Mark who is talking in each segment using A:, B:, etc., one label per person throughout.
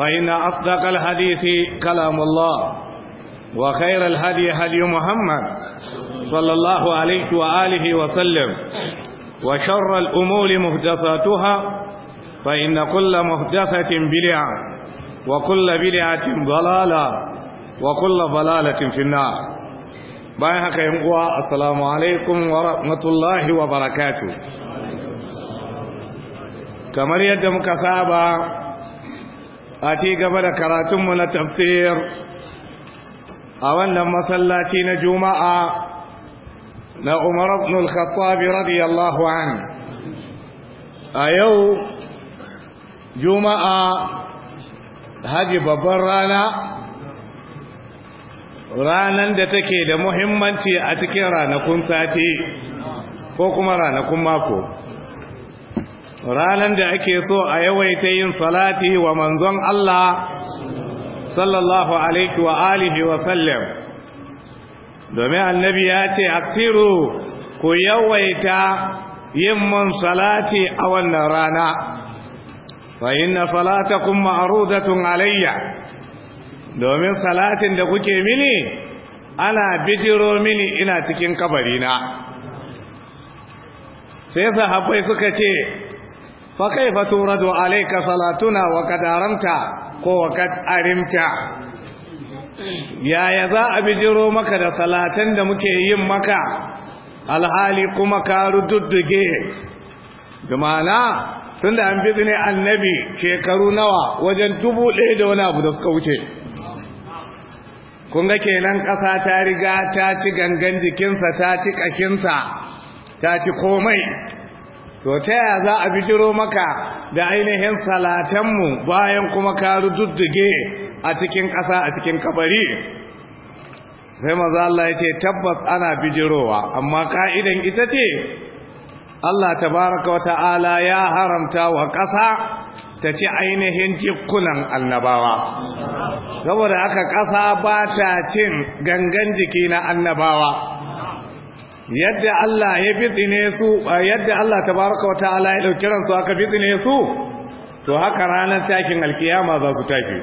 A: فإن أصدق الحديث كلام الله وخير الهدي هدي محمد صلى الله عليه وآله وسلم وشر الأمور مهدساتها فإن كل مهدسة بلعة وكل بلعة ضلالة وكل ضلالة في النار بايحك يمقوى السلام عليكم ورحمة الله وبركاته كما يدمك سابا a ci gaba da karatunmu na tafsir a wannan masallaci na juma'a na umar ibn al-khattab radiyallahu an a yau juma'a haji babbar rana ranan da take da muhimmanci a cikin ranakun sati ko kuma ranakun mako ranan da ake so a yawaita yin salati wa manzon Allah sallallahu alaihi wa alihi wa sallam domin annabi ya ce aktiru ku yawaita yin mun salati a wannan rana fa inna salatakum ma'rudatun alayya domin salatin da kuke mini ana bidiro mini ina cikin kabarina sai sahabbai suka ce fa kaifa turadu alayka salatuna wa ko wa qad yaya za a bi jiro maka da salatan da muke yin maka alhali kuma ka rududdige jama'a tun da an bizi ne annabi shekaru nawa wajen dubu ɗaya da wani abu da suka wuce Kunga kenan ƙasa ta riga ta ci gangan jikinsa ta ci ƙashinsa ta ci komai to ta yaya za a bijiro maka da ainihin salatanmu bayan kuma ka rududdige a cikin ƙasa a cikin kabari sai maza Allah ya ce tabbas ana bijirowa amma ka'idan ita ce Allah Ta baraka wata ala ya haramta wa ƙasa ta ci ainihin jikunan annabawa saboda aka ƙasa ba ta cin gangan jiki na annabawa yadda Allah ya fitsine su yadda Allah tabaraka wata ala, ya dauki ransu aka fitsine su to haka ranar takin alkiyama za su tafi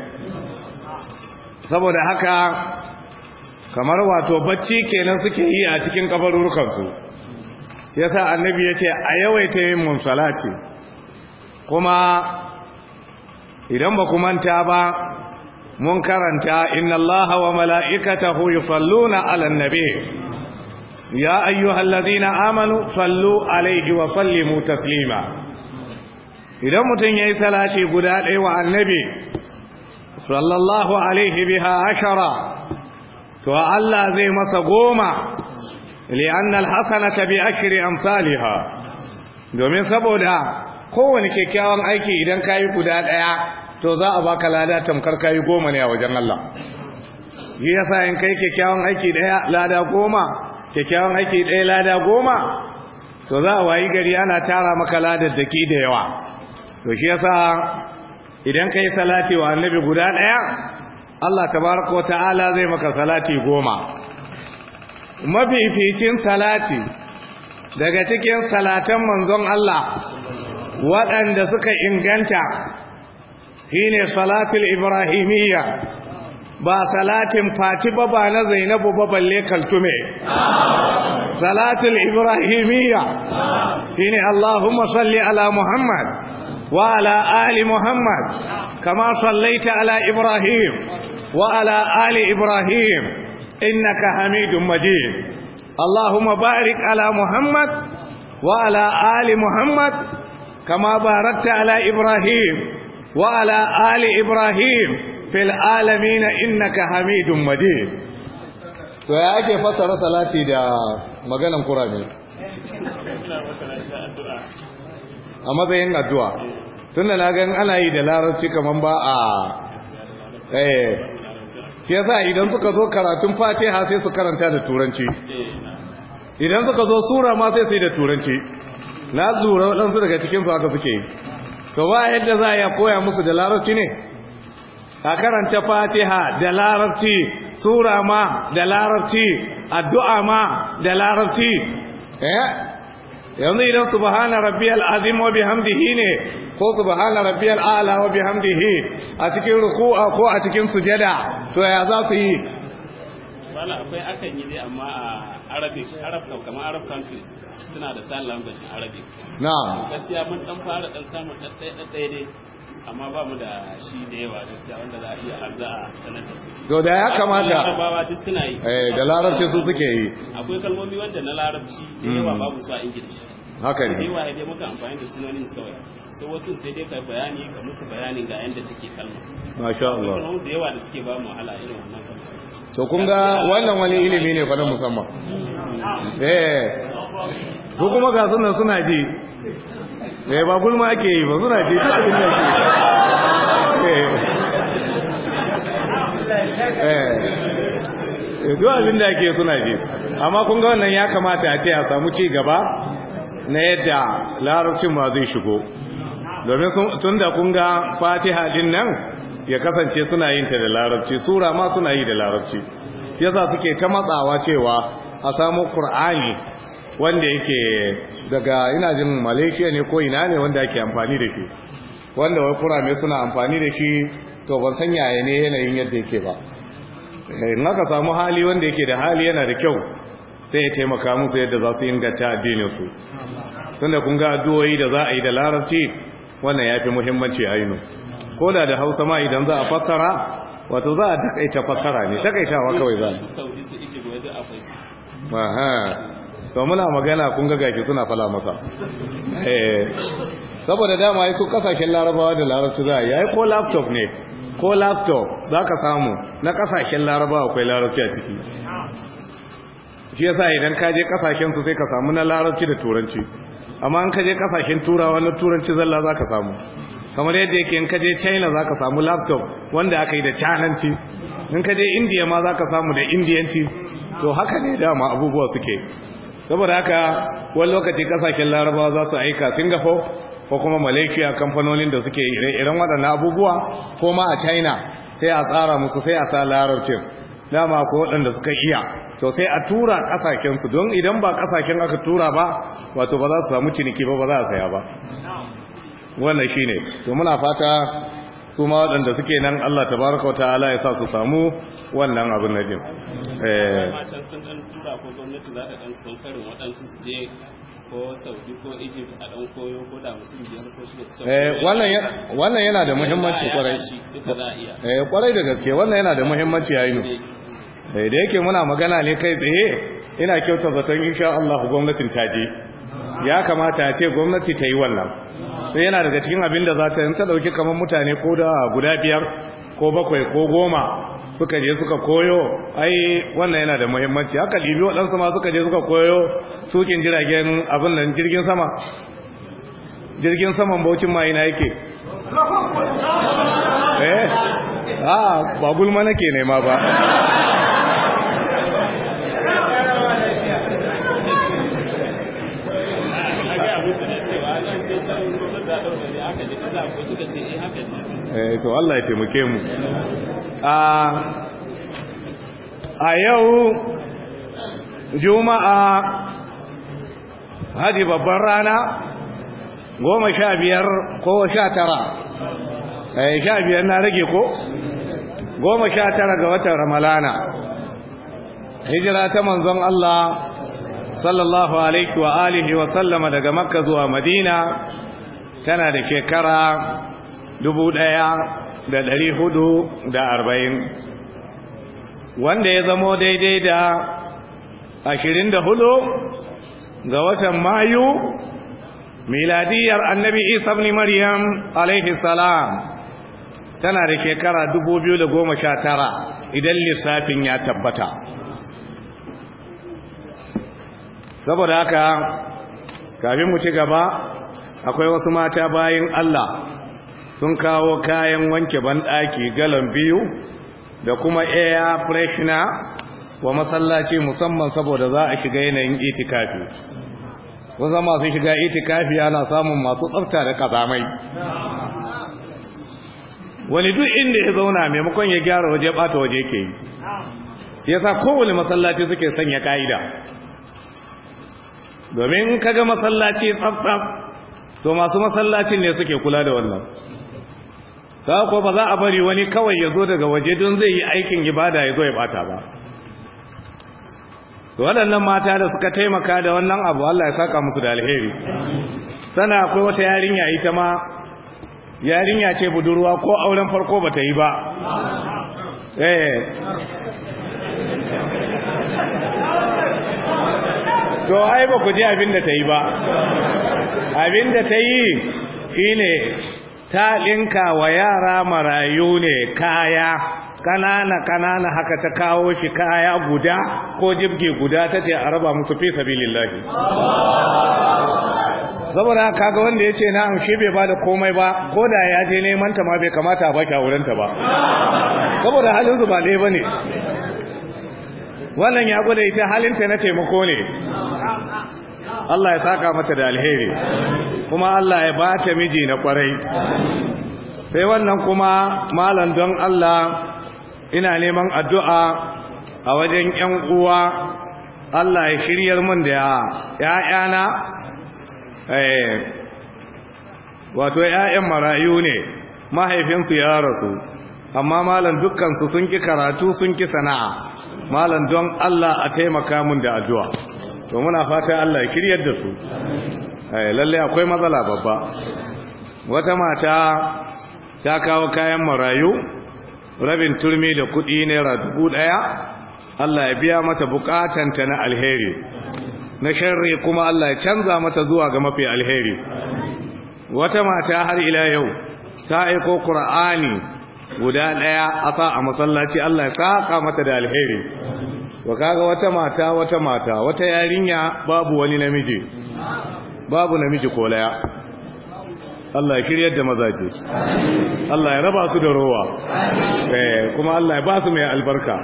A: saboda haka kamar wato bacci kenan suke yi a cikin ya yasa annabi ya ce a yawaita yin munsalati kuma idan ba ku manta ba mun karanta inna allaha wa mala'ikatahu yusalluna 'alan nabi يا أيها الذين آمنوا صلوا عليه وسلموا تسليما idan mutum ya yi salati guda ɗaya wa annabi sallallahu alaihi biha ashara to Allah zai masa goma li'annal hasanata bi ashri amsalha domin saboda kowane kyakkyawan aiki idan kayi guda ɗaya to za a baka lada tamkar kayi goma ne a wajen Allah yi yasa in kai kyakkyawan aiki ɗaya lada goma kyakkyawan aiki ɗaya lada goma to za a wayi gari ana tara maka ladar da ke da yawa to shi yasa idan ka yi salati wa annabi guda ɗaya Allah tabaraka ko ta'ala zai maka salati goma mafificin salati daga cikin salatan manzon Allah waɗanda suka inganta shine salatul ibrahimiyya ba salatin fati ba ba na zainabu ba balle kaltume salatul ibrahimiyya shine allahumma salli ala muhammad wa ala ali muhammad kama sallaita ala ibrahim wa ala ali ibrahim innaka hamidum majid allahumma barik ala muhammad wa ala ali muhammad kama barakta ala ibrahim wa ala ali ibrahim fil alamin innaka hamidum majid
B: to ya ake fasara salati
A: da maganan qur'ani a matsayin addu'a tunda na ga ana yi da larabci kaman ba a eh yasa idan suka zo karatun fatiha sai su karanta da turanci idan suka zo sura ma sai su yi da turanci na zura waɗansu daga cikinsu haka suke to ba yadda za a koya musu da larabci ne A karanta fatiha da larabci sura ma da larabci addu'a ma da larabci
B: eh,
A: yanzu idan subhana rabbiyal azim wa bihamdihi ne ko subhana rabbiyal a'la wa bihamdihi a cikin ruku'a ko a cikin sujada to ya za su yi
B: wala akwai akan yi dai amma a arabic arab kamar arab countries suna da sign language arabic na'am gaskiya mun dan fara dan samun dan dai dai amma ba mu da shi da yawa da wanda za a iya har za a sanar da su to da ya kamata larabawa duk suna yi eh da larabci su suke yi akwai kalmomi wanda na larabci da yawa hmm. babu su a ingilishi haka ne da yawa dai muka amfani da sunanin kawai so wasu sai dai kai bayani ga musu bayanin ga yanda take kalma masha Allah kalmomi da yawa da suke ba mu wahala irin wannan kalma
A: to kun ga wannan wani ilimi ne fa na musamman
B: eh su kuma ga sunan suna ji
A: eh ba gulma ake yi ba suna ce ta abin da ake eh. Eh, duk abin da ke suna ce amma kun ga wannan ya kamata a ce a samu ci gaba na yadda larabcin ma zai shigo domin tun da kun ga fatiha din nan ya kasance suna yin ta da larabci sura ma suna yi da larabci yasa suke ta matsawa cewa a samu kur'ani. wanda yake daga ina jin malaysia ne ko ina ne wanda ake amfani da ke, wanda wai kurame suna amfani da ke, to ban san yaya ne yanayin yadda yake ba eh, in aka samu hali wanda yake da hali yana da kyau sai ya taimaka musu yadda za su inganta addinin su tunda kun ga addu'o'i da za a yi da lararci, wannan ya fi muhimmanci yinu ko da da hausa ma idan za a fassara wato za a takaita fassara ne wa kawai za a to muna magana kun ga gaki suna fala masa
B: eh saboda dama ai
A: su kasashen larabawa da larabci za yayi ko laptop ne ko laptop zaka samu na kasashen larabawa akwai larabci a ciki shi yasa idan ka je kasashen su sai ka samu na larabci da turanci amma an ka je kasashen turawa na turanci zalla zaka samu kamar yadda yake in ka je china zaka samu laptop wanda aka yi da cananci in ka je india ma zaka samu da indiyanci to haka ne dama abubuwa suke saboda haka wani lokaci kasashen larabawa za su aika singapore ko kuma malaysia kamfanonin da suke irin waɗannan abubuwa ko ma a china sai a tsara musu sai a sa larabci dama ko waɗanda suka iya to sai a tura kasashensu don idan ba kasashen aka tura ba wato ba za su samu ciniki ba ba za a saya ba wannan shine to muna fata su ma waɗanda suke nan Allah ta baraka wata ala ya sa su samu wannan abin na jin
B: eh. eh, wannan yana da muhimmanci kwarai kwarai eh, da gaske wannan yana da muhimmanci yi
A: nu da yake muna magana ne kai tsaye ina kyauta zaton insha Allah gwamnatin ta ya kamata ya ce gwamnati ta yi wannan to yana daga cikin abin da za ta yi ta ɗauki kamar mutane ko da guda biyar ko bakwai ko goma suka je suka koyo ai wannan yana da muhimmanci haka libi waɗansu ma suka je suka koyo tukin jiragen abin nan jirgin sama jirgin saman baucin ma ina yake
B: eh ah,
A: ba gulma nake nema ba Eh, to Allah ya taimake mu a yau juma'a hadi babban rana goma sha biyar ko sha tara eh, sha biyar na rage ko goma sha tara ga watan ramalana hijira ta manzon Allah sallallahu alaihi wa alihi wa sallama daga makka zuwa madina tana da shekara dubu ɗaya da ɗari hudu da arba'in wanda ya zamo daidai da ashirin da hudu ga watan mayu miladiyar annabi isa ibn maryam alaihi salam tana da shekara dubu biyu da goma sha tara idan lissafin ya tabbata saboda haka kafin mu ci gaba akwai wasu mata bayan allah sun kawo kayan wanke banɗaki galon biyu da kuma air freshener wa masallaci musamman saboda za a shiga yanayin itikafi wanzan masu shiga itikafi ana samun masu tsafta da kazamai wani duk inda ya zauna maimakon ya gyara waje bata waje ke yi ya sa kowane masallaci suke sanya ka'ida domin kaga masallaci tsaftsaf to masu masallacin ne suke kula da wannan za ko ba za a bari wani kawai ya zo daga waje don zai yi aikin ibada ya zo ya bata ba waɗannan mata da suka taimaka da wannan abu Allah ya saka musu da alheri sana akwai wata yarinya ita ma yarinya ce budurwa ko auren farko ba ta yi ba eh. to ai ba ku ji abin da ta yi ba abin da ta yi ne. ta linka wa yara marayu ne kaya kanana kanana haka ta kawo shi kaya guda ko jibge guda ta ce a raba musu fi sabilillahi saboda kaga wanda ya ce na amshe bai bada komai ba ko da ya je neman ta ma bai kamata a baki aurenta ba saboda halin su ba bane wannan ya gwada ita halinta na taimako ne Allah ya saka mata da alheri kuma Allah ya bata miji na kwarai sai wannan kuma malam don Allah ina neman addu'a a wajen ‘yan uwa Allah ya shiryar mun da ‘ya'yana eh, wato ‘ya'yan marayu ne mahaifinsu ya rasu amma malam dukkansu sun ki karatu sun ki sana'a malam don Allah a taimaka mun da addu'a to muna fatan Allah ya kiryar da su eh, lalle akwai matsala babba wata mata ta kawo kayan marayu rabin turmi da kudi naira dubu daya Allah ya biya mata buƙatanta na alheri na sharri kuma Allah ya canza mata zuwa ga mafi alheri wata mata har ila yau ta aiko qur'ani guda daya a sa a masallaci Allah ya saka mata da alheri wa kaga wata mata wata mata wata yarinya babu wani namiji babu namiji ko laya Allah ya kiryar da mazaje Allah ya raba su da rowa eh kuma Allah ya ba su mai albarka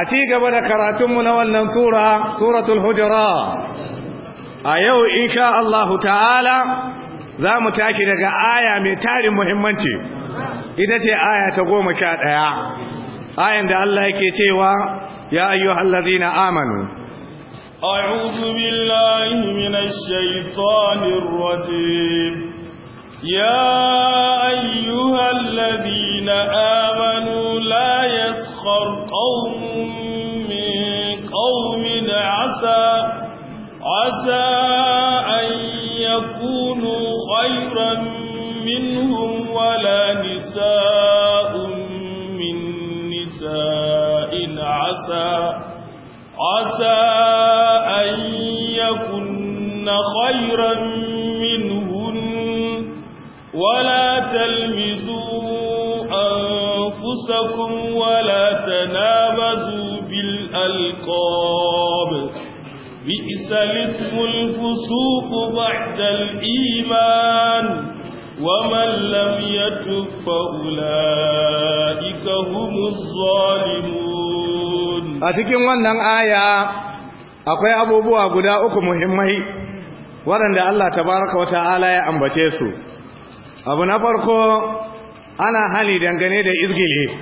A: a ci gaba da karatunmu na wannan sura suratul hujura a yau insha Allah ta'ala za mu taki daga aya mai tarin muhimmanci ita ce aya ta goma sha ɗaya ayin da Allah yake cewa ya ayyuhal ladina amanu
B: a'udhu billahi minash shaitanir rajim ya ayyuhal ladina amanu la yaskhar qaumun min qaumin asa asa an yakunu khayran minhum wala nisaa'un min إن عسى عسى أن يكن خيرا منهن ولا تلمزوا أنفسكم ولا تنابذوا بالألقاب بئس الاسم الفسوق بعد الإيمان ومن لم يتب فأولئك هم الظالمون
A: أتكين wannan aya akwai abubuwa guda uku muhimmai waɗanda Allah Ta wata ala ya ambace su abu na farko ana hali dangane da izgili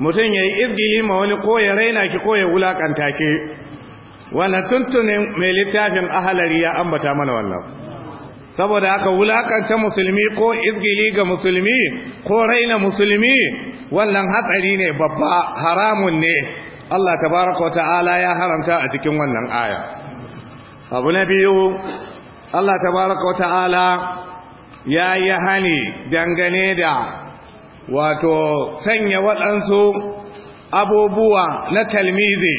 A: mutum ya yi izgili ma wani ko ya raina ki ko ya wulakanta ki wannan tuntunin mai littafin ahalari ya ambata mana wannan saboda haka wulakanta musulmi ko izgili ga musulmi ko raina musulmi wannan hatsari ne babba haramun ne Allah tabaraka wa ta'ala ya haramta a cikin wannan aya abu na biyu Allah tabaraka wa ta'ala ya yi hani dangane da wato sanya waɗansu abubuwa na talmizi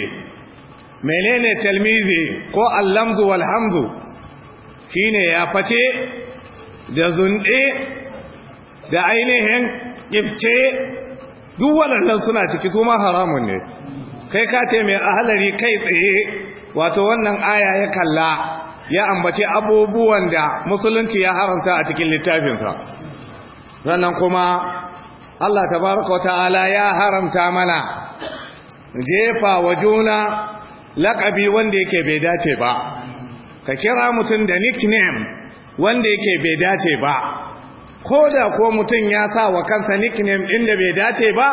A: menene talmizi ko allamdu walhamzu. shine ya face da zunɗe da ainihin ƙifce duk waɗannan suna ciki su ma haramun ne kai ka ce mai ahalari kai tsaye wato wannan aya ya kalla ya ambace abubuwan da musulunci ya haramta a cikin littafinsa sannan kuma Allah tabaraka ta'ala ya haramta mana jefa wa juna laƙabi wanda yake bai dace ba ka kira mutum da nickname wanda yake bai dace ba ko da ko mutum ya sa wa kansa nickname ɗin da bai dace ba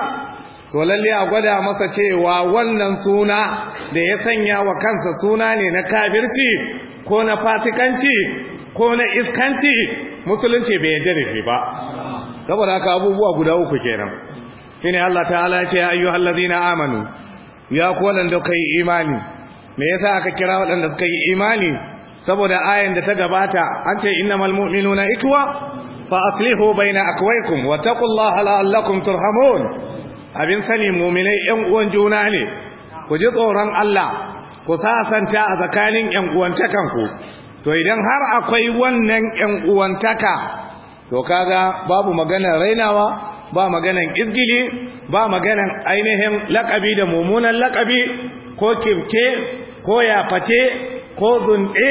A: to lalle a gwada masa cewa wannan suna da ya sanya wa kansa suna ne na kafirci ko na fasikanci ko na iskanci musulunci bai yarda da shi ba saboda haka abubuwa guda uku kenan shine Allah ta'ala ya ce ayyuhal ladina amanu ya ku wanda kai imani me yasa aka kira waɗanda suka yi imani saboda ayan da ta gabata an ce innamal mu'minuna ikwa fa aslihu baina akwaikum wa taqullaha la'allakum turhamun abin sani mu'minai yan uwan juna ne ku ji tsoron Allah ku sasanta a tsakanin yan uwantakan ku to idan har akwai wannan yan uwantaka to kaga babu magana rainawa ba maganan izgili ba maganan ainihin lakabi da mummunan lakabi ko kifte ko yafate ko zunɗe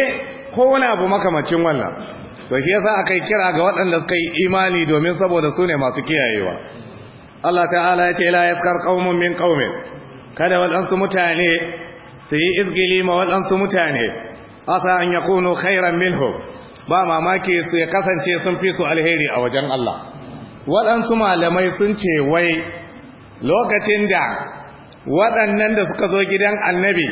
A: ko wani abu makamacin wannan to shi yasa aka kira ga waɗanda suka yi imani domin saboda su ne masu kiyayewa Allah ta'ala ya ce la yaskar qaumun min qaumin kada waɗansu mutane su yi izgili ma waɗansu mutane asa an yakunu khairan minhum ba mamaki su ya kasance sun fi su alheri a wajen Allah waɗansu malamai sun ce wai lokacin da waɗannan da suka zo gidan annabi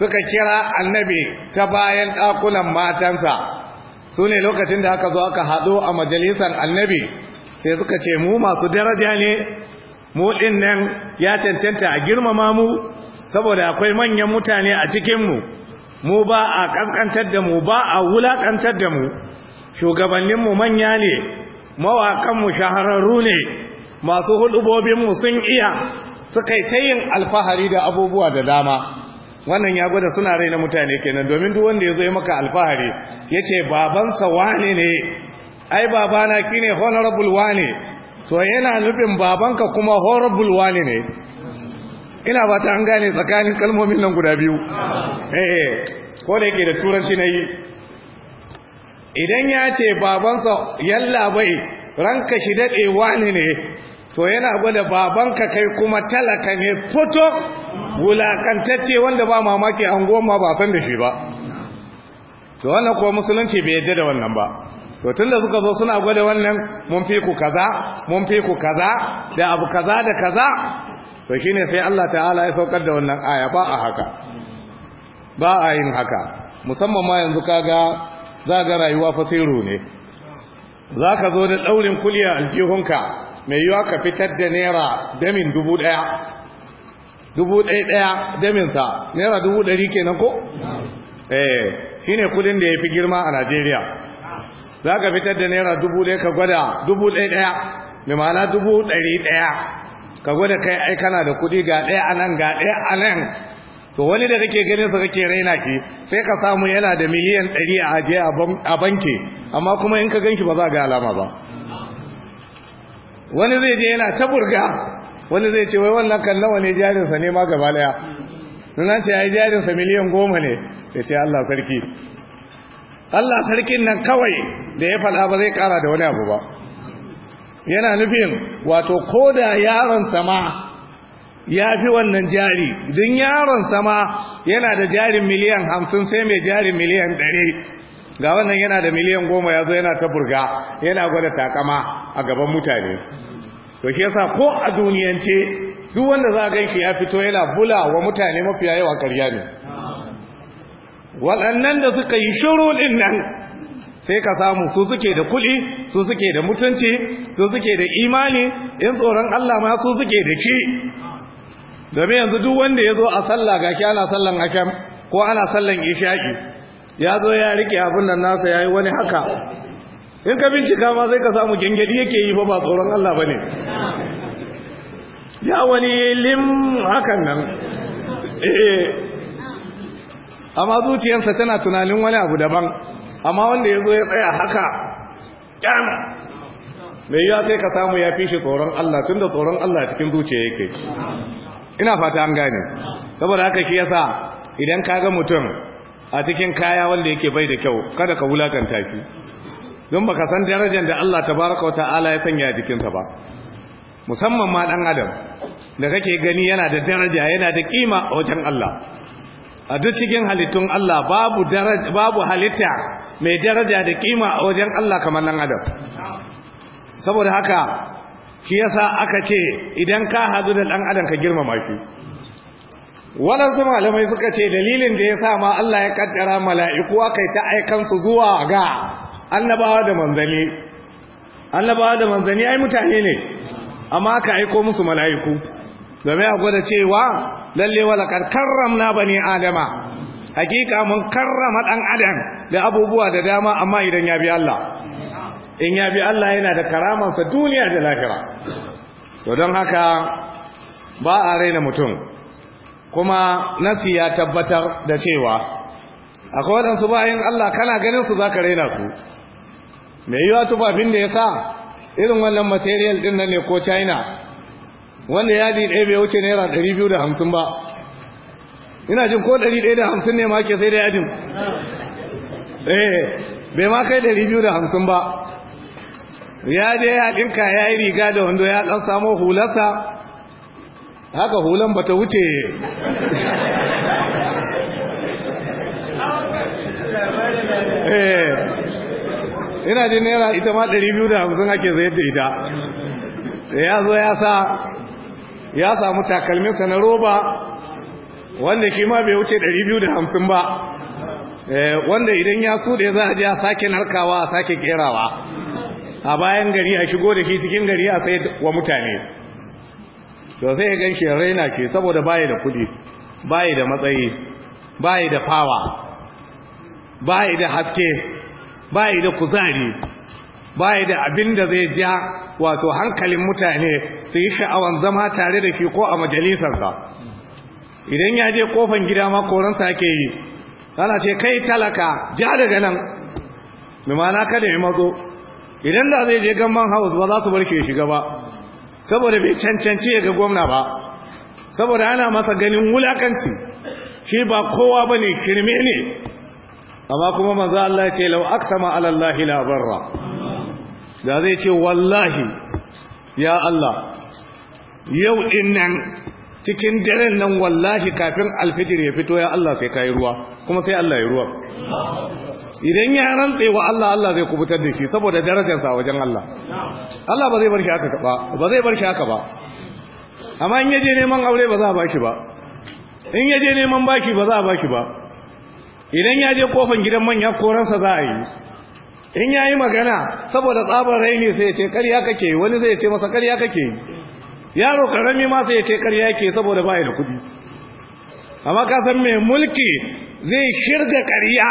A: suka kira annabi ta bayan ɗakunan matansa su ne lokacin da aka zo aka haɗo a majalisar annabi sai suka ce mu masu daraja ne mu ɗin nan ya cancanta a girmama mu saboda akwai manyan mutane a cikinmu mu ba a ƙanƙantar da mu ba a wulaƙantar da mu shugabanninmu manya ne mawaƙanmu shahararru ne masu hudubobinmu sun iya suka yi ta yin alfahari da abubuwa da dama wannan ya gwada suna rai na mutane kenan domin duk wanda ya zo maka alfahari ya ce babansa wane ne ai babana ki ne honorable wane to yana nufin babanka kuma horrible wane ne ina ba ta an gane tsakanin kalmomin nan guda biyu eh, eh, ko da yake da turanci na yi idan ya ce babansa yalla bai ranka shi daɗewa ne ne to yana gwada babanka kai kuma talaka ne fito wulakantacce wanda ba mamaki an goma ba san da shi ba to wannan kuwa musulunci bai yadda da wannan ba to tunda suka zo suna gwada wannan mun fi ku kaza mun fi ku kaza da abu kaza da kaza to shine sai Allah ta'ala ya saukar da wannan aya ba a haka ba a yin haka musamman ma yanzu kaga za ga rayuwa fasiru ne za ka zo da ɗaurin kuliya aljihunka mai yiwa ka fitar da naira damin dubu ɗaya dubu ɗaya ɗaya daminsa naira dubu ɗari kenan ko? eh shi ne kudin da ya fi girma a najeriya za ka fitar da naira dubu ɗaya ka gwada dubu ɗaya ɗaya mai ma'ana dubu ɗari ɗaya ka gwada kai ai kana da kudi ga ɗaya a nan ga ɗaya a nan to wani da kake ganin sa kake raina ke, sai ka samu yana da miliyan 100 a je a banki amma kuma in ka ganki ba za ga alama ba wani zai je yana ta burga wani zai ce wai wannan kan nawa ne jarin sa ne ma gaba daya sunan ce ai jarin sa miliyan 10 ne ya ce Allah sarki Allah sarkin nan kawai da ya fada ba zai kara da wani abu ba yana nufin wato koda yaron sama ya fi wannan jari don yaron sama yana da jarin miliyan hamsin sai mai jari miliyan ɗari ga wannan yana da miliyan goma ya zo yana ta burga yana gwada takama a gaban mutane to shi yasa ko a duniyance duk wanda za a shi ya fito yana bula wa mutane mafiya yawa karya ne waɗannan da suka yi shuru ɗin nan sai ka samu su suke da kuɗi su suke da mutunci su suke da imani in tsoron Allah ma su suke da shi domin yanzu duk wanda ya zo a sallah ga shi ana sallan asham ko ana sallan isha'i ya zo ya rike abin nan nasa ya yi wani haka in ka bincika ma sai ka samu gengedi yake yi fa ba tsoron Allah ba ya wani lim hakan nan eh, amma zuciyarsa tana tunanin wani abu daban amma wanda ya zo ya tsaya haka ƙyam mai yiwa sai ka samu ya fi shi tsoron Allah tunda tsoron Allah cikin zuciya yake ina fata an gane saboda haka shi yasa idan ka ga mutum a cikin kaya wanda yake bai da kyau kada ka wulakanta shi don baka san darajar da Allah tabaraka wa ta'ala ya sanya a jikinsa ba musamman ma dan adam da kake gani yana da daraja yana da kima a wajen Allah a duk cikin halittun Allah babu daraja babu halitta mai daraja da kima a wajen Allah kamar nan adam saboda haka shi yasa aka ce idan ka hadu da dan adam ka girmama shi waɗansu malamai suka ce dalilin da ya sa ma Allah ya kaddara mala'iku aka ta aikansu zuwa ga annabawa da manzanni annabawa da manzani ai mutane ne amma ka aiko musu mala'iku domin a gwada cewa lalle walakar karramna bani adama hakika mun karrama ɗan adam da abubuwa da dama amma idan ya bi Allah in ya bi Allah yana da karamansa duniya da lahira to don haka ba a raina mutum kuma nasi ya tabbatar da cewa akwai waɗansu bayan Allah kana ganin su za ka raina su mai yiwa tufafin da ya sa irin wannan material ɗin nan ne ko china wanda yadi ɗaya bai wuce naira ɗari biyu da hamsin ba ina jin ko ɗari ɗaya da hamsin ne ma ke sai da yadin eh bai ma kai ɗari biyu da hamsin ba ya je ya ɗinka ya yi riga da wando ya ɗan samo hularsa haka hulan ba ta wuce eh, ina jin naira ita ma 250 ake zai da ita ya zo ya sa ya samu takalminsa na roba wanda kima bai wuce 250 ba eh, wanda idan ya su da ya za a ji a sake narkawa a sake kerawa a bayan gari a shigo da shi cikin gari a tsaye wa mutane to sai ya gan shi raina ce saboda baya da kudi baya da matsayi baya da fawa baya da haske baya da kuzari baya da abin da zai ja wato hankalin mutane su yi sha'awan zama tare da shi ko a majalisarsa idan ya je kofan gida ma koransa ake yi ana ce kai talaka ja daga nan mai mana kada ya mazo. idan da zai je gamban house ba za su barke ya shiga ba saboda bai cancanci ya ga gwamna ba saboda ana masa ganin wulakanci shi ba kowa ba ne kirme ne amma kuma manzo Allah ya ce lau aksama ala Allah la barra da zai ce wallahi ya Allah yau din nan cikin daren nan wallahi kafin alfijir ya fito ya Allah sai kai ruwa kuma sai Allah ya ruwa idan ya rantse wa Allah Allah zai kubutar da shi saboda darajarsa a wajen Allah Allah ba zai bar shi haka ba ba zai bar shi haka ba amma in yaje neman aure ba za a bashi ba in yaje neman baki ba za a bashi ba idan ya je kofan gidan manya koransa za a yi in yayi magana saboda tsabar raini sai ya ce karya kake wani zai ce masa karya kake yaro karami ma sai ya ce karya yake saboda baya da kudi amma ka san mai mulki zai shirga karya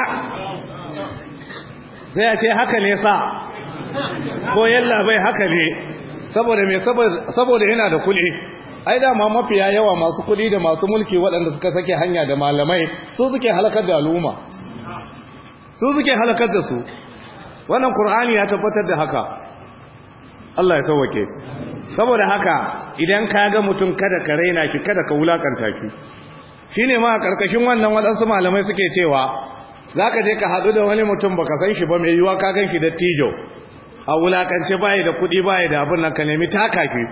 A: sai ya ce haka ne sa ko yalla bai haka ne saboda mai saboda yana da kuli ai dama mafiya yawa masu kuli da masu mulki waɗanda suka sake hanya da malamai su suke halakar da al'umma su suke halakar da su wannan qur'ani ya tabbatar da haka Allah ya sauke saboda haka idan ka ga mutum kada ka raina ki kada ka wulakanta ki shine ma a karkashin wannan waɗansu malamai suke cewa za ka je ka haɗu da wani mutum ba ka san shi ba mai yiwuwa ka gan shi da tijo a wulakance bayi da kuɗi bayi da abin nan ka nemi taka ki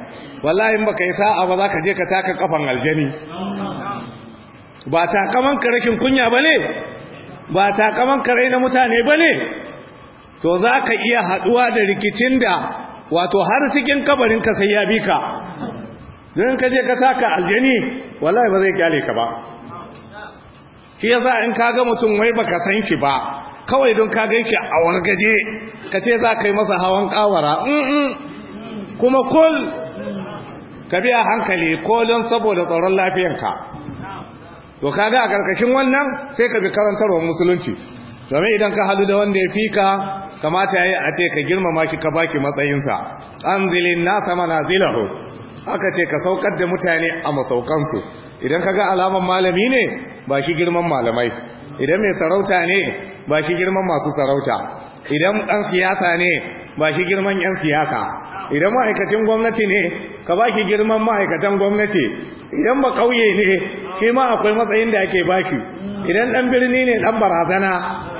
A: wallahi in baka yi sa'a ba za ka je ka taka kafan aljani ba ta ka rakin kunya ba ne ba kaman ka na mutane ba ne to za ka iya haɗuwa da rikicin da wato har cikin kabarin ka sai ya bi ka don ka je ka taka aljani wallahi ba zai kyale ka ba shi yasa in kaga mutum wai baka san shi ba kawai don ka gaishe a wargaje ka ce za ka yi masa hawan kawara kuma kol ka biya hankali kolon saboda tsaron lafiyanka to kaga a karkashin wannan sai ka bi karantarwar musulunci domin idan ka halu da wanda ya fika kamata yayi a ce ka girmama shi ka baki matsayinsa anzilin nasa manazilahu aka ce ka saukar da mutane a masaukansu idan kaga alaman malami ne ba shi girman malamai idan mai sarauta ne ba shi girman masu sarauta idan ɗan siyasa ne ba shi girman 'yan siyasa idan ma'aikacin gwamnati ne ka ba ki girman ma'aikatan gwamnati idan ba kauye ne shi ma akwai matsayin da ake shi. idan ɗan birni ne ɗan barazana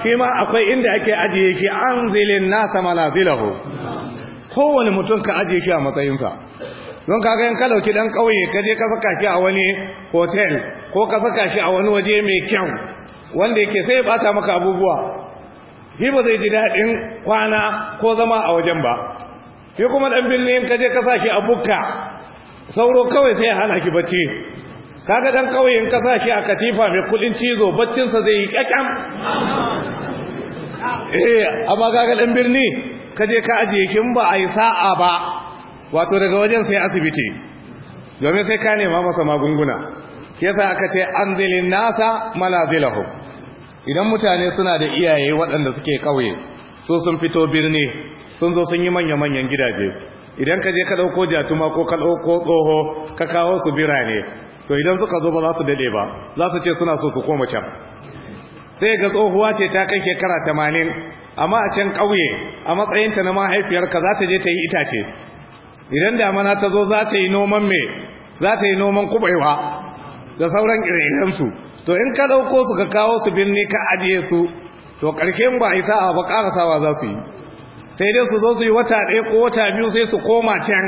A: shi ma akwai inda ake ajiye ki an zilin nasa malazilahu kowane mutum ka ajiye shi a matsayinsa don kaga yin kalauki dan kauye ka je ka faka shi a wani hotel ko ka faka shi a wani waje mai kyau wanda yake sai bata maka abubuwa shi ba zai ji daɗin kwana ko zama a wajen ba shi kuma dan birni in ka je ka a bukka sauro kawai sai hana ki bacci kaga dan kauye in ka a katifa mai kudin cizo baccinsa zai yi kakam eh amma kaga dan birni ka je ka ajiye kin ba a yi sa'a ba wato daga wajen sai asibiti domin sai ka nema masa magunguna sa aka ce an zilin nasa malazilahu idan mutane suna da iyaye waɗanda suke ƙauye su sun fito birni sun zo sun yi manya-manyan gidaje idan ka je ka ɗauko jatuma ko ka ɗauko tsoho ka kawo su birane to idan suka zo ba za su daɗe ba za su ce suna so su koma can sai ga tsohuwa ce ta kai shekara tamanin amma a can ƙauye a matsayinta na mahaifiyarka za ta je ta yi itace idan damana ta zo za ta yi noman me za ta yi noman kubaiwa da sauran irinsu to in ka dauko su ka kawo su birni ka ajiye su to ƙarshen ba isa a ba karasawa za su yi sai dai su zo su yi wata ɗaya ko wata biyu sai su koma can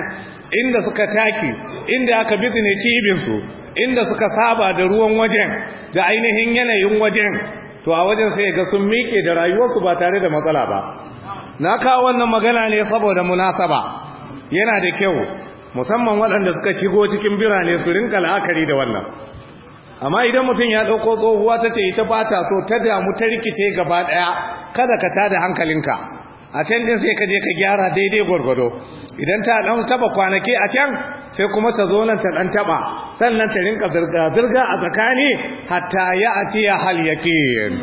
A: inda suka taki inda aka bizine cibinsu inda suka saba da ruwan wajen da ainihin yanayin wajen to a wajen sai ga sun miƙe da rayuwarsu ba tare da matsala ba na kawo wannan magana ne saboda munasaba yana da kyau musamman waɗanda suka shigo cikin birane su rinka la'akari da wannan amma idan mutum ya ɗauko tsohuwa ta ce ita ba ta so ta damu ta rikice gaba ɗaya kada ka tada hankalinka a can ɗin sai ka je ka gyara daidai gwargwado idan ta ɗan taɓa kwanaki a can sai kuma ta zo nan ta ɗan taɓa sannan ta rinka zirga-zirga a tsakani hatta ya atiya hal yakin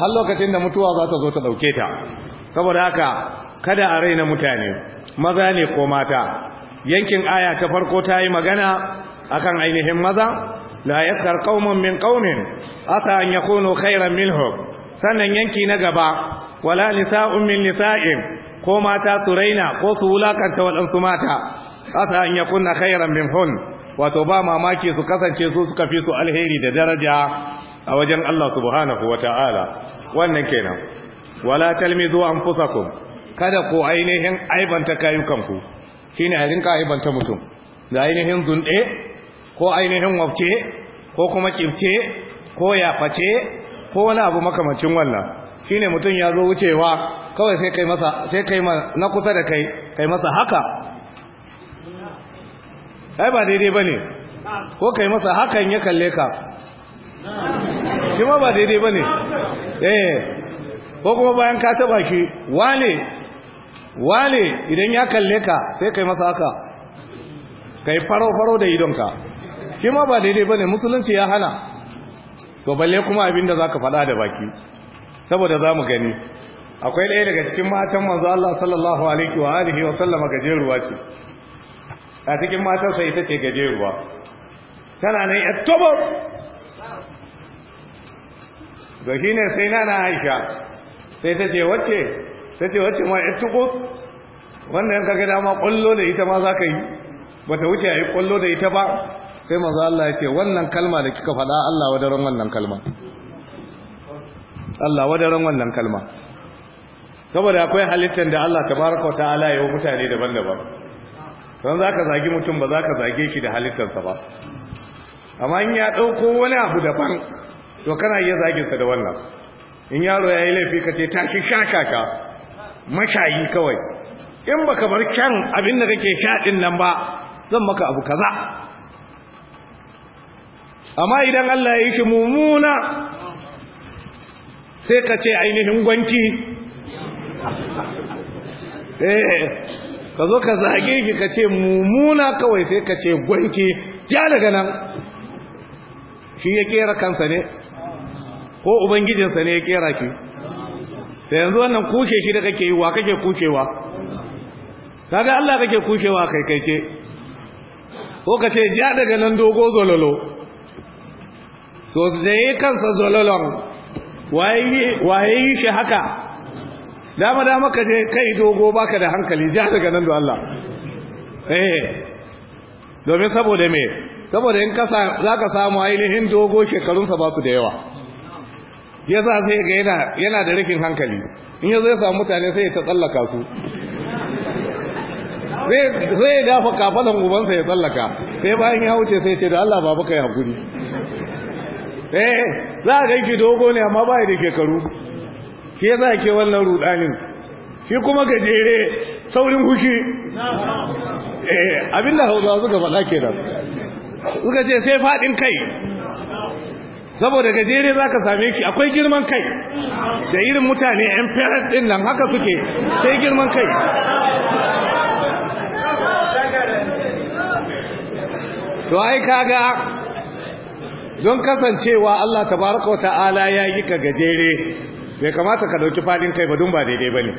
A: har lokacin da mutuwa za ta zo ta ɗauke ta saboda haka kada a raina mutane maza ne ko mata yankin aya ta farko ta yi magana akan ainihin maza la yaskar qaumun min qaumin asa an yakunu khairan milho. sannan yanki na gaba wala nisa'un min nisa'in ko mata su raina ko su wulakanta waɗansu mata asa an yakunna khairan minhun wato ba mamaki su kasance su suka fi su alheri da daraja a wajen Allah subhanahu wata'ala wannan kenan wala talmizu anfusakum kada ko ainihin aibanta kayukanku shi ne harinka aibanta mutum da ainihin zunɗe ko ainihin wafce ko kuma ƙirce ko yaface ko wani abu makamacin wannan shi ne mutum ya zo wucewa kawai sai kai masa sai kai na kusa da kai kai masa haka ai ba daidai ba ne
B: ko kai masa hakan ya kalle ka shi ma ba daidai ba ne eh
A: ko kuma bayan ka taba shi wane wane idan ya kalle ka sai kai masa haka kai faro-faro da idonka shi ma ba daidai bane musulunci ya hana to balle kuma abinda zaka faɗa da baki saboda zamu gani akwai ɗaya daga cikin matan manzo Allah sallallahu alaihi wa alihi wa sallama gajeruwa ce a cikin matan sai ita ce gajeruwa tana nan at ga to shine sai nana Aisha sai ta ce wacce
B: ta ce wacce ma ya tuko
A: wannan yanka gada ma kwallo da ita ma za ka yi ba ta wuce a yi kwallo da ita ba sai maza Allah ya ce wannan kalma da kika faɗa Allah wadaran wannan kalma Allah wadaran wannan kalma saboda akwai halittar da Allah ta wa ta'ala ya yi mutane daban-daban don za ka zagi mutum ba za ka zage shi da halittarsa ba amma in ya ɗauko wani abu daban to kana iya zaginsa da wannan in yaro ya yi laifi ka ce ta tashi shakaka mashayi kawai in baka bar can abin da kake shaɗin nan ba zan maka abu kaza amma idan Allah ya yi shi mummuna sai ka ce ainihin gwanki eh ka zo ka zage shi ka ce mummuna kawai sai ka ce gwanki ya daga nan shi ya kera kansa ne ko ubangijinsa ne ya kera ki da yanzu wannan kuke shi da kake yi wa kake kukewa kaga Allah kake kukewa kai kai ce ko ka ce ja daga nan dogo zololo so da yi kansa zololon waye yi shi haka dama dama ka je kai dogo baka da hankali ja daga nan da Allah eh domin saboda me saboda in kasa za ka samu ainihin dogo shekarunsa ba su da yawa ya za sai ga yana yana da rikin hankali in ya zai samu mutane sai ya tsallaka su Zai ya dafa kafalan gubansa ya tsallaka sai bayan ya wuce sai ce da Allah babu ya guri eh za a ganki dogo ne amma ba da kekaru ke za a ke wannan rudanin shi kuma gajere saurin hushi eh abinda hausa suka faɗa kenan suka ce sai faɗin kai saboda gajere za ka same shi akwai girman kai da irin mutane yan parent ɗin nan haka suke sai girman kai to ai kaga don kasancewa Allah tabaraka ta'ala ya yi ka gajere bai kamata ka dauki fadin kai ba dun ba daidai bane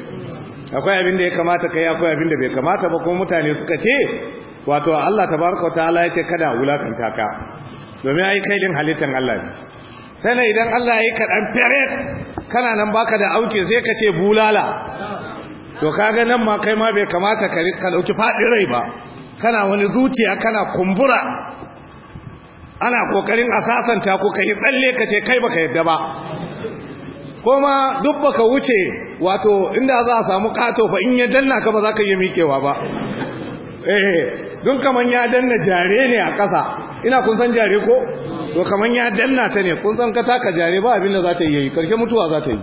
A: akwai abin da ya kamata kai akwai abin da bai kamata ba kuma mutane suka ce wato Allah tabaraka ta'ala ya ce kada wulakanta ka domin a yi kailin halittar Allah ne sai idan Allah ya yi kaɗan fere kana nan baka da auke sai ka ce bulala to ga nan ma kai ma bai kamata ka ɗauki faɗi rai ba kana wani zuciya kana kumbura ana kokarin a sasanta ko ka yi tsalle ka ce kai baka yadda ba kuma duk baka wuce wato inda za a samu kato fa in ya danna ka ba za ka yi miƙewa ba eh don kaman ya danna jare ne a ƙasa ina kun san jare ko to kaman ya danna ta ne kun san ka taka jare ba abin da za ta yi karshe mutuwa za ta yi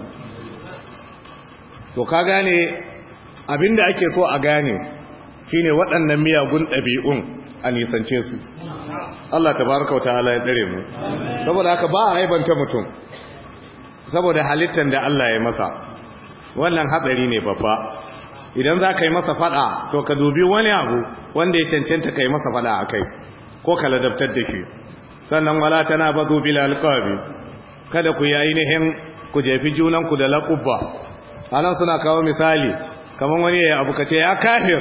A: to ka gane abin da ake so a gane shine waɗannan miyagun ɗabi'un a nisance su Allah ta baraka wa ta'ala ya dare mu saboda haka ba a aibanta mutum saboda halittar da Allah ya masa wannan hatsari ne babba idan za ka yi masa fada to ka dubi wani abu wanda ya cancanta ka yi masa fada a kai ko ka ladabtar da shi sannan wala tana bazu bil alqabi kada ku yayi nihin ku jefi junan ku da laqubba anan suna kawo misali kaman wani ya abu kace ya kafir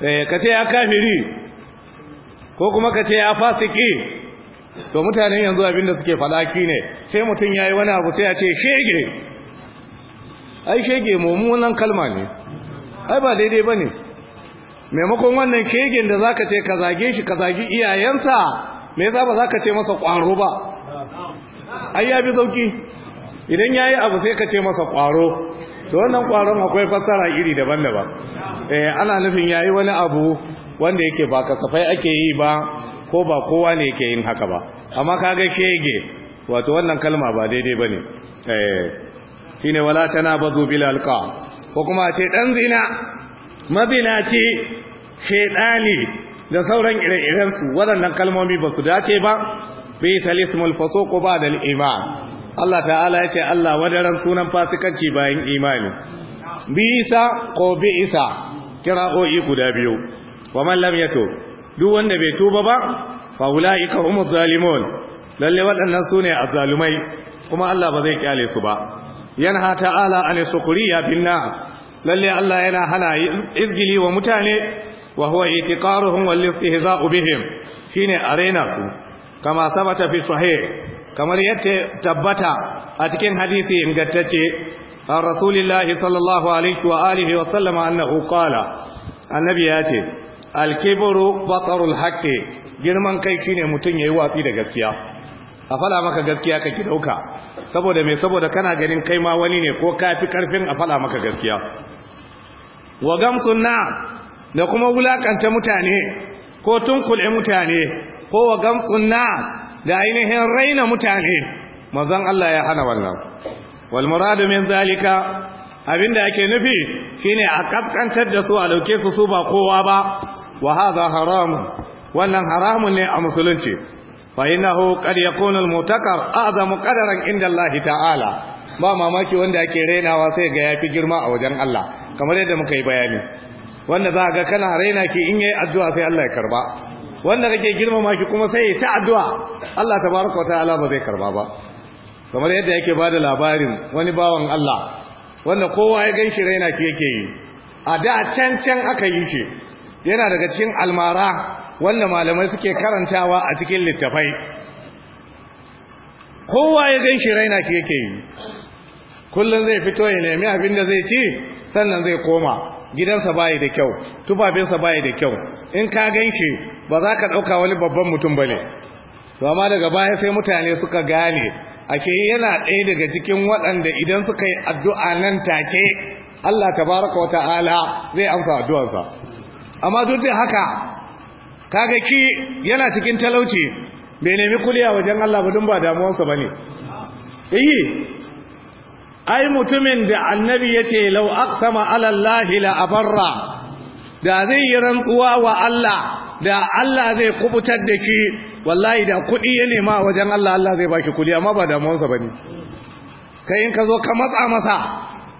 A: eh kace ya kafiri ko kuma kace ya fasiki to mutanen yanzu abinda suke fada ne sai mutun yayi wani abu sai ya ce shege ai shege mummunan kalma ne ai ba daidai ba maimakon wannan shegen da za ka ce ka zage shi ka zagi iyayensa me yasa ba za ce masa kwaro ba ai ya bi sauki idan yayi abu sai ka ce masa kwaro, to wannan kwaron akwai fassara iri daban-daban eh, ana nufin yayi wani abu wanda yake ba kasafai ake yi ba ko ba kowa ne yake yin haka ba amma kaga shege wato wannan kalma ba daidai ba ne eh, shine wala tanabazu bil alqa ko kuma a ce dan zina mazina ce shedani da sauran ire-iren su waɗannan kalmomi ba su dace ba bi salismul fusuq ba'da al iman Allah ta'ala ya ce Allah wadaran sunan fasikanci bayan imani bi isa ko bi isa kira'o'i guda biyu wa man lam duk wanda bai tuba ba fa ulaika humuz zalimun lalle waɗannan sune azzalumai kuma Allah ba zai kyale su ba yanha ta'ala an sukhriya bin nar lalle Allah yana hana izgili wa mutane wa huwa itiqaruhum wal istihza'u bihim shine arena su kama sabata fi sahih kamar yadda tabbata a cikin hadisi ingantacce an rasulillahi sallallahu alaihi wa alihi wa sallama annahu qala annabi ya ce alkibru batarul haqqi girman kai shine mutun yayi watsi da gaskiya a fada maka gaskiya ka ki dauka saboda me saboda kana ganin kai ma wani ne ko ka fi karfin a fada maka gaskiya wa na da kuma wulakanta mutane ko tunkul'e mutane ko wa na da ainihin raina mutane mazan Allah ya hana wannan wal muradu min zalika abinda ake nufi shine a kaskantar da su a dauke su su ba kowa ba wa hadha haram wannan haramun ne a musulunci فإنه قد يكون المتكر أعظم قدرا عند الله تعالى ba mamaki wanda ake rainawa sai ga yafi girma a wajen Allah kamar yadda muka yi bayani wanda za ga kana raina ki in yayi addu'a sai Allah ya karba wanda kake girmama ki kuma sai ta addu'a Allah tabaraka wa ta'ala ba zai karba ba kamar yadda yake bada labarin wani bawan Allah wanda kowa ya ganshi raina ki yake yi a da can can aka yi shi yana daga cikin almara wanda malamai suke karantawa a cikin littafai kowa ya gan shi raina ke yake yi kullum zai fito ya nemi abin da zai ci sannan zai koma gidansa bayi da kyau tufafinsa bayi da kyau in ka gan shi ba za ka ɗauka wani babban mutum ba ne zama daga baya sai mutane suka gane ake yana ɗaya daga cikin waɗanda idan suka yi addu'a nan take Allah tabaraka wata ala zai amsa addu'arsa amma duk da haka kaga ki yana cikin talauci bai nemi kuliya wajen Allah ba dun ba damuwansa bane eh ai mutumin da annabi yace law aqsama ala allahi la abarra da zai yi rantsuwa wa Allah da Allah zai kubutar da shi wallahi da kudi ya nema wajen Allah Allah zai baki kuliya amma ba damuwansa bane kai in ka zo ka matsa masa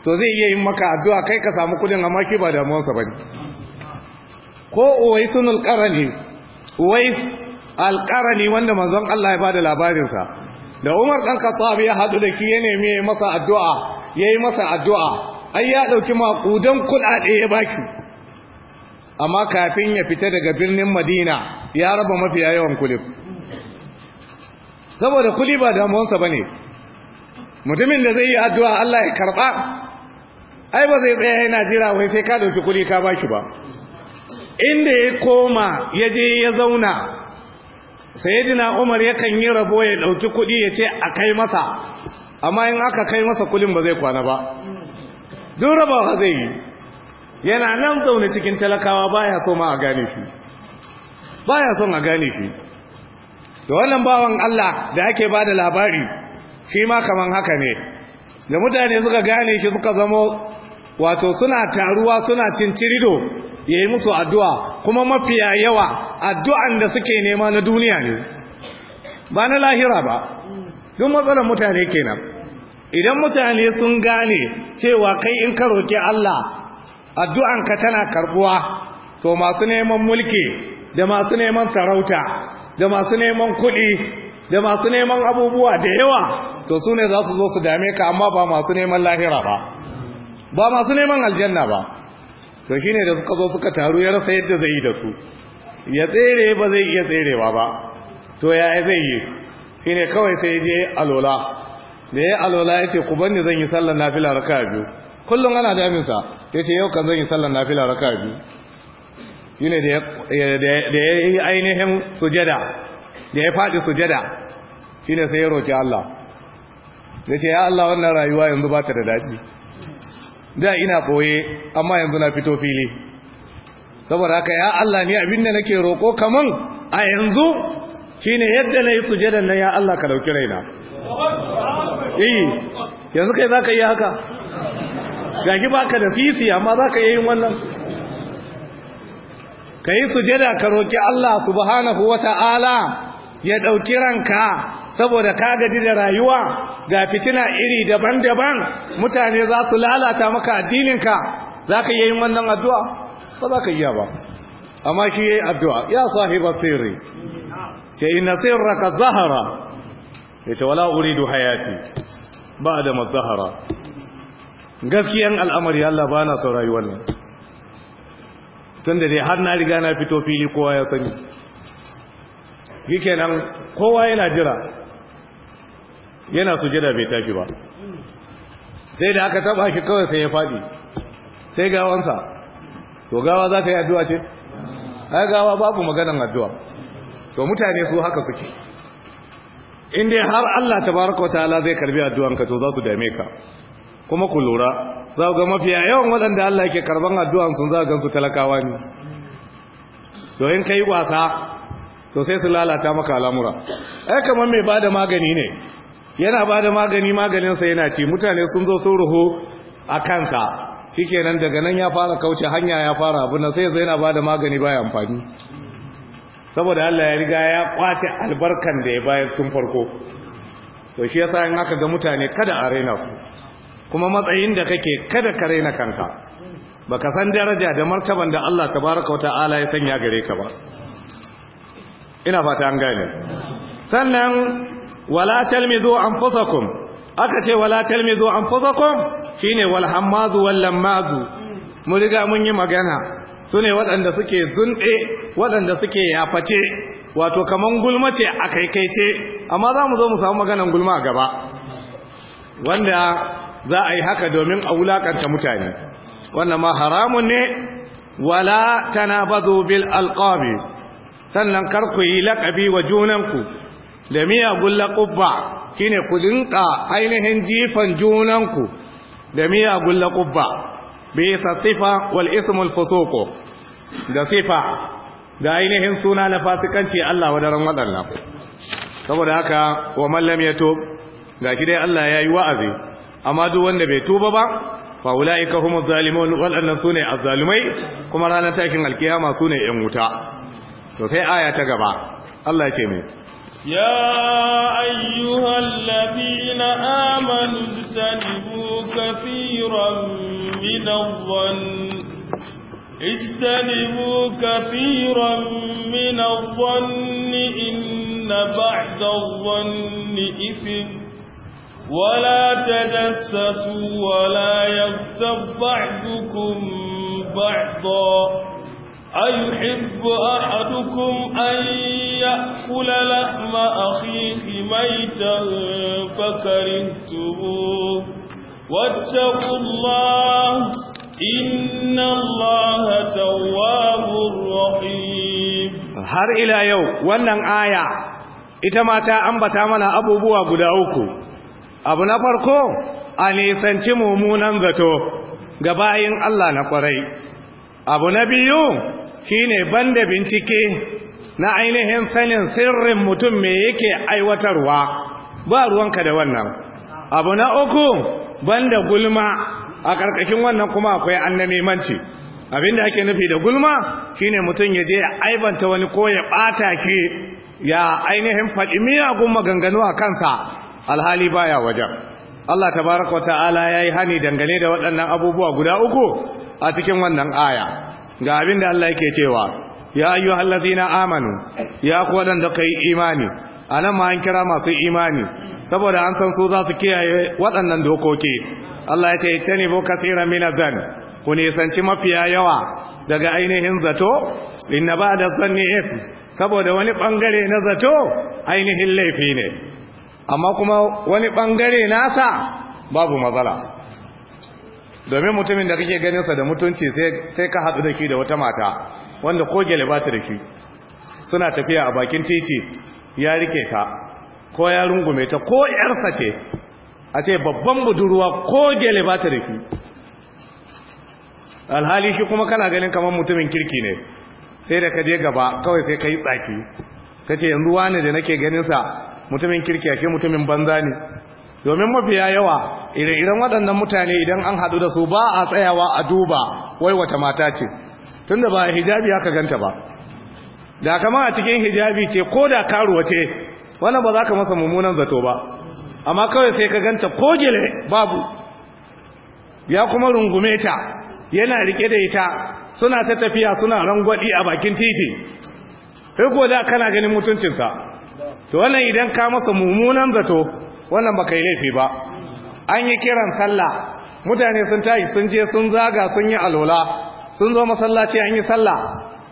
A: to zai iya yin maka addu'a kai ka samu kudin amma ki ba damuwansa bane ko uwaisun alƙarani uwais alƙarani wanda manzon Allah ya bada labarinsa da Umar dan Khattab ya hadu da ki ya nemi masa addu'a yayi masa addu'a ai ya dauki makudan kuɗaɗe ya baki amma kafin ya fita daga birnin Madina ya raba mafiya yawan kulib saboda kuli ba damuwansa bane mutumin da zai yi addu'a Allah ya karba ai ba zai tsaya yana jira wai sai ka dauki kuli ka baki ba inda ya koma ya je ya zauna sayyidina umar yakan yi rabo ya dauki kudi ya ce a kai masa amma in aka kai masa kulin ba zai kwana ba duk rabawa zai yi yana nan zaune cikin talakawa baya so ma a gane shi baya son a gane shi da wannan bawan Allah da ake ba da labari shi ma kaman haka ne da mutane suka gane shi suka zamo wato suna taruwa suna cin cirido ya yi musu addu'a kuma mafiya yawa addu'an da suke nema na duniya ne ba na lahira ba duk matsalar mutane kenan idan mutane sun gane cewa kai in ka roki Allah addu'an ka tana karbuwa to masu neman mulki da masu neman sarauta da masu neman kuɗi da masu neman abubuwa da yawa to su ne za su zo su dame ka amma ba masu neman lahira ba ba masu neman aljanna ba to ne da suka zo suka taru ya rasa yadda zai yi da su ya tsere ba zai iya tserewa ba to ya zai yi shine kawai sai je alola da ya alola ya ce ku ne zan yi sallar nafila raka biyu kullum ana daminsa ya ce yau kan zan yi sallar filar raka biyu shine da ya yi ainihin sujada da ya faɗi sujada shine sai ya roƙi Allah ya ce ya Allah wannan rayuwa yanzu ba ta da daɗi da ina boye amma yanzu na fito fili saboda haka ya Allah ni abinda nake roko kaman a yanzu shine yadda nayi sujada nan ya Allah ka dauki raina eh yanzu kai zaka yi haka gashi baka da fifi amma zaka yi wannan kai sujada ka roki Allah subhanahu wataala ya ɗauki ranka saboda ka gaji da rayuwa ga fitina iri daban-daban mutane za su lalata maka addininka za ka yi wannan addu'a ba za ka yi ba amma shi ya yi addu'a ya sahiba sirri ce ina sirra ka zahara ya ce wala uridu hayati ba da zahara gaskiyan al'amari Allah ba na sau rayuwar nan tun da dai har na riga na fito fili kowa ya sani yake nan kowa yana jira yana sujada bai tashi ba sai da aka taba shi kawai sai ya fadi sai gawansa to gawa za ta yi addu'a ce ai gawa babu maganan addu'a to mutane su haka suke in dai har Allah tabaraka wataala zai karbi addu'anka to za su dame ka kuma ku lura za ga mafiya yawan waɗanda Allah ke karban addu'an sun za gansu talakawa ne to in kai wasa to sai su lalata maka al'amura ai kamar mai bada magani ne yana bada magani sa yana ci mutane sun zo sun ruhu a kansa shikenan daga nan ya fara kauce hanya ya fara abu na sai zai yana bada magani baya amfani saboda Allah ya riga ya kwace albarkan da ya bayar tun farko to shi yasa in aka ga mutane kada a raina su kuma matsayin da kake kada ka raina kanka baka san daraja da martaban da Allah tabaraka ta'ala ya sanya gare ka ba ina fata an gane sannan wala talmizu anfusakum aka ce wala talmizu anfusakum shine wal hammazu wal lamazu mu riga mun yi magana sune waɗanda suke zunɗe waɗanda suke yaface wato kaman gulma ce a kaikaice amma za mu zo mu samu maganan gulma gaba wanda za a yi haka domin a wulakanta mutane wannan ma haramun ne wala tanabazu bil alqabi sannan kar yi laƙabi wa junanku da miyagun laƙubba shine ku dinka ainihin jifan junanku da miyagun laƙubba bisa sifa wal ismul fusuqu da sifa da ainihin suna na fasikanci Allah wadaran waɗannan saboda haka wa mallam ya to ga dai Allah ya yi wa'azi amma duk wanda bai tuba ba fa ulaika humuz zalimun waɗannan sune azzalumai kuma ranar takin alkiyama sune yan wuta to sai aya ta gaba Allah ya ce mai
B: يا أيها الذين آمنوا اجتنبوا كثيرا من الظن اجتنبوا كثيرا من الظن إن بعد الظن إثم ولا تجسسوا ولا يغتب بعضكم بعضا أيحب أحدكم أن يأكل لحم أخيه ميتا فكرهتموه واتقوا الله إن الله تواب رحيم
A: har ila yau wannan aya ita ma ta ambata mana abubuwa guda uku abu na farko a nisanci mummunan zato ga bayin Allah na kwarai abu na biyu shine banda bincike na ainihin sanin sirrin mutum me yake aiwatarwa ba ruwanka da wannan abu na uku banda gulma a karkashin wannan kuma akwai Abin abinda ake nufi da gulma shine mutum ya je aibanta wani ko ya bata shi ya ainihin faɗi miyagun maganganu a kansa alhali baya wajen Allah tabaraka wa ta'ala yayi hani dangane da waɗannan abubuwa guda uku a cikin wannan aya ga abin da Allah yake cewa ya ayyu allazina amanu ya ku wadanda kai imani anan ma an kira masu imani saboda an san su za su kiyaye waɗannan dokoki Allah ya ce tani bo kaseera min azan ku nisanci mafiya yawa daga ainihin zato inna ba'da zanni ism saboda wani bangare na zato ainihin laifi ne amma kuma wani bangare nasa babu matsala domin mutumin da kake ganinsa da mutunci sai ka haɗu da shi da wata mata wanda ko gele ba ta da suna tafiya a bakin titi ya rike ka ko ya rungume ta ko yarsa ce a ce babban budurwa ko gele ba ta da shi alhali shi kuma kana ganin kamar mutumin kirki ne sai da ka je gaba kawai sai ka yi tsaki ka ce yanzu wani da nake ganinsa mutumin kirki ake mutumin banza ne domin mafiya yawa ire-iren waɗannan mutane idan an haɗu da su ba a tsayawa a duba wai wata mata ce tunda ba hijabi aka ganta ba da kama a cikin hijabi ce ko da karuwa ce wannan ba za ka masa mummunan zato ba amma kawai sai ka ganta ko gele babu ya kuma rungume ta yana rike da ita suna ta tafiya suna rangwadi a bakin titi sai da kana ganin mutuncinsa to wannan idan ka masa mummunan zato wannan baka yi laifi ba an yi kiran sallah mutane sun tashi sun je sun zaga sun yi alola sun zo masallaci an yi sallah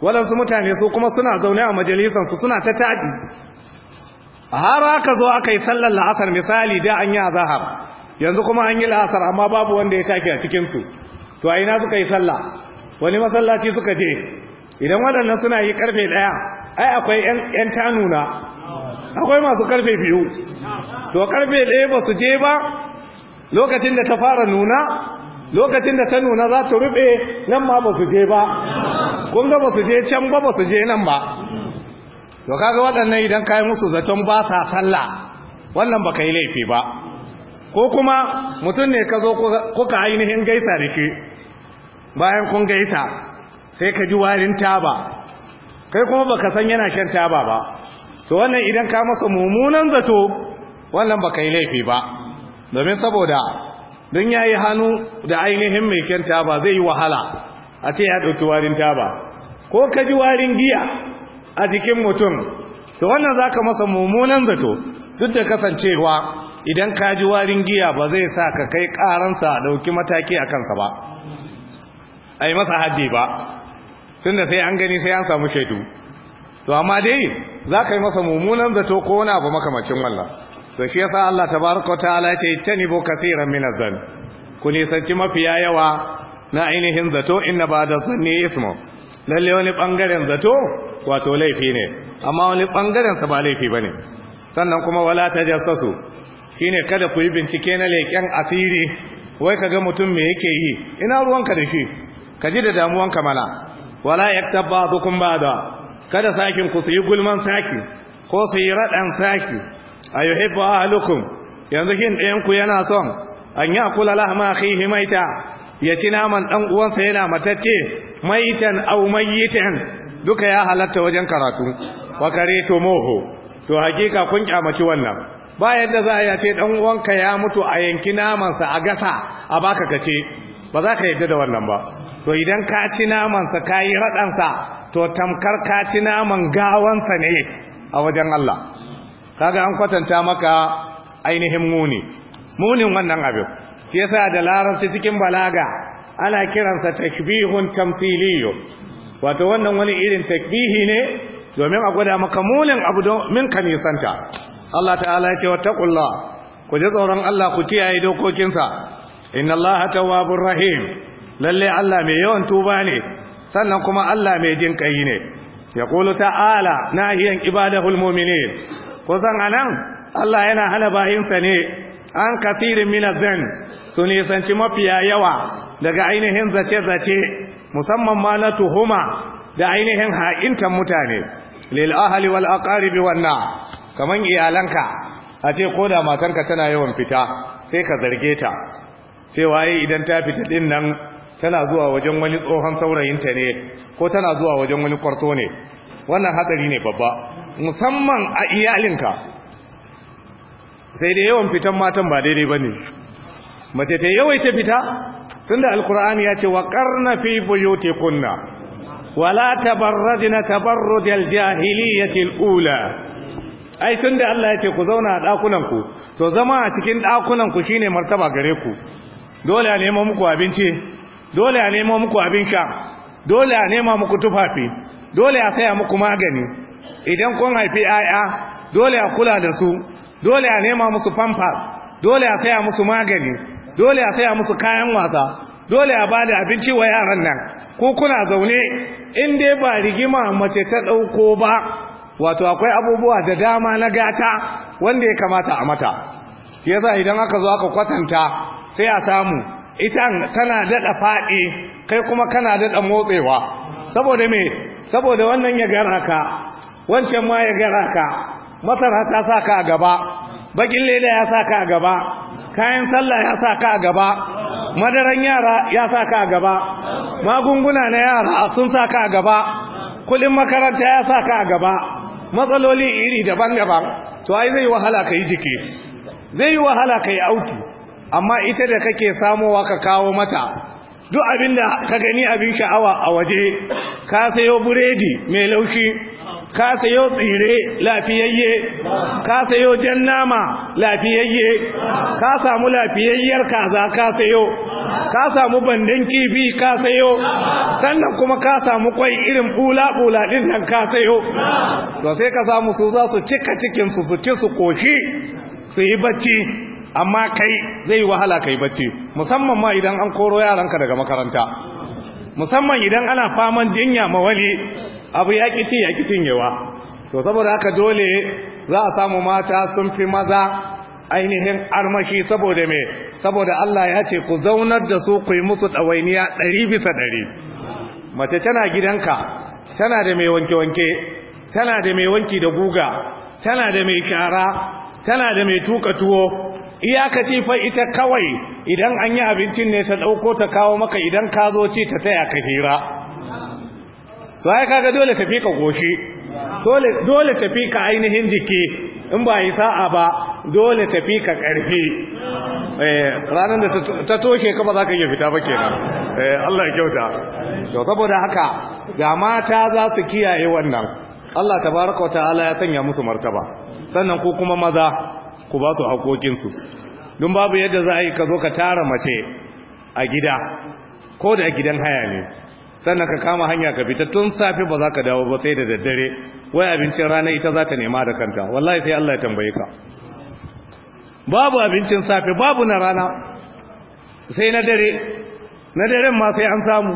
A: waɗansu mutane su kuma suna zaune a majalisansu suna ta taɗi har aka zo aka yi sallar la'asar misali da an yi azahar yanzu kuma an yi la'asar amma babu wanda ya take a cikinsu to a ina suka yi sallah wani masallaci suka je idan waɗannan suna yi karfe ɗaya ai akwai ‘yan tanuna akwai masu karfe biyu to karfe ɗaya ba su je ba lokacin da ta fara nuna lokacin da ta nuna za ta rufe nan ma ba su je ba kun ga ba su je can ba ba su je nan ba to kaga waɗannan idan kayi musu zaton ba sa sallah wannan ba ka yi laifi ba ko kuma mutum ne ka zo kuka ainihin gaisa da shi bayan kun gaisa sai ka ji warin taba kai kuma baka san yana shan taba ba To wannan idan ka masa mummunan zato wannan ba yi laifi ba domin saboda don ya yi hannu da ainihin mai kyanta ba zai yi wahala a ce ya ɗauki warin taba ko ka ji warin giya a jikin mutum to wannan za ka masa mummunan zato duk da kasancewa idan ka ji warin giya ba zai sa ka kai karansa ɗauki mataki a kansa ba a yi masa haddi ba tun da sai an gani sai an samu shaidu to amma dai za ka yi masa mummunan zato ko wani abu makamacin wannan to shi yasa Allah tabaraka ta'ala ce tanibu kasiran min azan ku nisanci mafiya yawa na ainihin zato inna ba da zanni ismu lalle wani bangaren zato wato laifi ne amma wani bangaren sa ba laifi ba ne. sannan kuma wala ta tajassasu shine kada ku yi bincike na leken asiri wai ka ga mutum me yake yi ina ruwanka da shi ka ji da damuwanka mana wala yaktab ba ba'da kada sakin ku su yi gulman saki ko su yi raɗan saki a yi hibba yanzu kin ɗayanku yana son an yi akula lahama akhihi maita ya ci naman ɗan uwansa yana matacce maitan au mayitan duka ya halatta wajen karatu wa kare to moho to hakika kun kyamaci wannan ba yadda za a ce ɗan uwanka ya mutu a yanki namansa a gasa a baka kace ba za ka yadda da wannan ba to idan ka ci namansa ka yi raɗansa to tamkar ka ci naman gawansa ne a wajen Allah kaga an kwatanta maka ainihin muni munin wannan abin shi yasa da larabci cikin balaga ana kiransa takbihun tamthiliyo wato wannan wani irin takbihi ne domin a gwada maka munin abu min ka nisanta Allah ta'ala ya ce wa taqullah ku ji tsoron Allah ku kiyaye dokokinsa inna allaha tawwabur rahim lalle allah mai yawan tuba ne sannan kuma allah mai jin kai ne yaqulu ta'ala nahiyan ibadahul mu'minin ko san anan allah yana hana bayinsa ne an kasirin minazan su nisanci mafiya yawa daga ainihin zace-zace musamman ma na tuhuma da ainihin ha'intan mutane lil ahli wal aqaribi na kaman iyalanka a ce ko da matanka tana yawan fita sai ka zarge ta cewa yi idan ta fita ɗinnan nan tana zuwa wajen wani tsohon saurayinta ne ko tana zuwa wajen wani kwarto ne wannan hatsari ne babba musamman a iyalinka sai da yawan fitan matan ba daidai ba ne mace ta yawai ta fita tun da alkur'ani ya ce wa karna fi buyutikunna wala jahili ya ce ula ai tun da Allah ya ce ku zauna a ɗakunanku, to zama a cikin ɗakunanku shine martaba gare ku dole a nema muku abinci dole a nemo muku abin sha dole a nema muku tufafi dole a saya muku magani idan kun haifi 'ya'ya dole a kula da su dole a nema musu famfa dole a saya musu magani dole a saya musu kayan wasa dole a bada abinci wa yaran nan ko kuna zaune in dai ba rigima mace ta dauko ba wato akwai abubuwa da dama na gata wanda ya kamata a mata yasa idan aka zo aka kwatanta sai a samu ita tana dada faɗi kai kuma kana dada motsewa saboda me saboda wannan ya gara ka wancan ma ya gara ka masara ta sa ka a gaba bakin leda ya sa ka a gaba kayan sallah ya sa ka a gaba madaran yara ya sa ka a gaba magunguna na yara sun sa ka a gaba kudin makaranta ya sa ka a gaba matsaloli iri daban-daban to ai zai wahala ka yi jiki zai yi wahala ka yi auki amma ita da kake samowa ka kawo mata duk abin da ka gani abin sha'awa a waje ka sayo buredi mai laushi ka sayo tsire lafiyayye ka sayo jan nama lafiyayye ka samu lafiyayyar kaza ka sayo ka samu bandan kifi ka sayo sannan kuma ka samu kwai irin bula-bula din nan ka sayo to sai ka samu su za su cika cikin su su ci su koshi su yi bacci amma kai zai wahala kai bacci musamman ma idan an koro yaranka daga makaranta musamman idan ana faman jinya ma mawali abu ya ƙi ya ƙi cinyewa to saboda haka dole za a samu mata sun fi maza ainihin armashi saboda me saboda Allah ya ce ku zaunar da su ku yi musu ɗawainiya ɗari bisa ɗari mace tana gidanka tana da mai wanke-wanke tana da mai wanki da guga tana da mai shara tana da mai tuka tuwo ce fa ita kawai idan an yi abincin ne ta ɗauko ta kawo maka idan ka zo ce ta taya ka hira to ai kaga dole tafi ka goshi dole dole tafi ka ainihin jiki in ba yi sa'a ba dole tafi ka ƙarfi eh ranar da ta toke ka ba za ka iya fita ba kenan eh Allah ya kyauta to saboda haka jama'a mata za su kiyaye wannan Allah tabaraka wa ta'ala ya sanya musu martaba sannan ko kuma maza ku ba su haƙoƙinsu don babu yadda za a yi ka zo ka tara mace a gida ko da gidan haya ne sannan ka kama hanya ka fita tun safe ba za ka dawo ba sai da daddare wai abincin rana ita za ta nema da kanta wallahi sai Allah ya tambaye ka babu abincin safe babu na rana sai na dare na daren ma sai an samu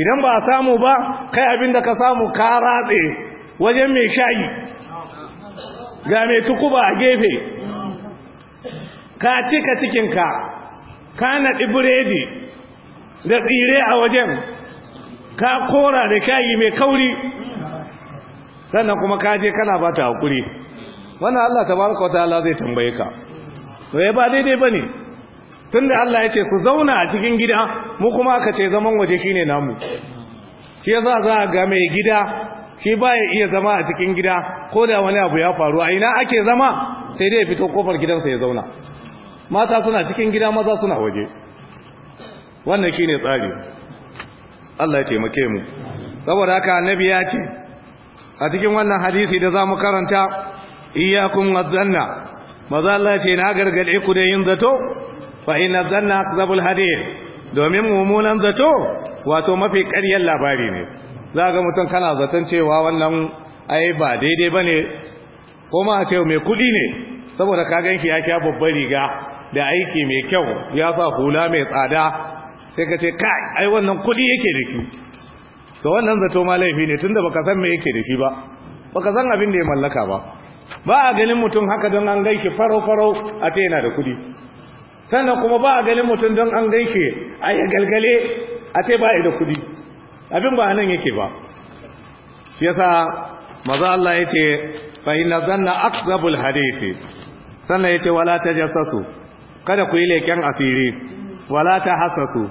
A: idan ba a samu ba kai abin da ka samu ka ratse wajen mai shayi ga mai tukuba a gefe ka cika cikinka ka naɗi biredi da tsire a wajen ka kora da kayi mai kauri sannan kuma ka je kana ba ta haƙuri wannan Allah ta baraka wata Allah zai tambaye ka to eh, ba daidai ba ne tun da Allah ya ce su zauna a cikin gida mu kuma aka ce zaman waje shine namu shi yasa za a ga mai gida shi baya iya zama a cikin gida ko da wani abu ya faru a ina ake zama sai dai ya fito kofar gidansa ya zauna mata suna cikin gida maza suna waje wannan shine tsari Allah ya taimake mu saboda haka annabi ya ce a cikin wannan hadisi da zamu karanta iyakun wazanna maza Allah ya ce na gargade ku da yin zato fa inna zanna akzabul hadith domin mummunan zato wato mafi ƙaryar labari ne za ga mutum kana zaton cewa wannan ai ba daidai ba ne ko ma ce mai kuɗi ne saboda ka shi ya kya babbar riga da aiki mai kyau ya sa hula mai tsada sai ka ce kai ai wannan kuɗi yake da shi to wannan zato ma laifi ne tunda baka san me yake da shi ba baka san abin da ya mallaka ba ba a ganin mutum haka don an gaishe farau-farau a ce yana da kuɗi sannan kuma ba a ganin mutum don an gaishe a yi galgale a ce ba da kuɗi abin ba nan yake ba shi yasa maza Allah yace fa inna zanna aqrabul hadisi sannan ce, wala tajassasu kada ku yi leken asiri wala ta su.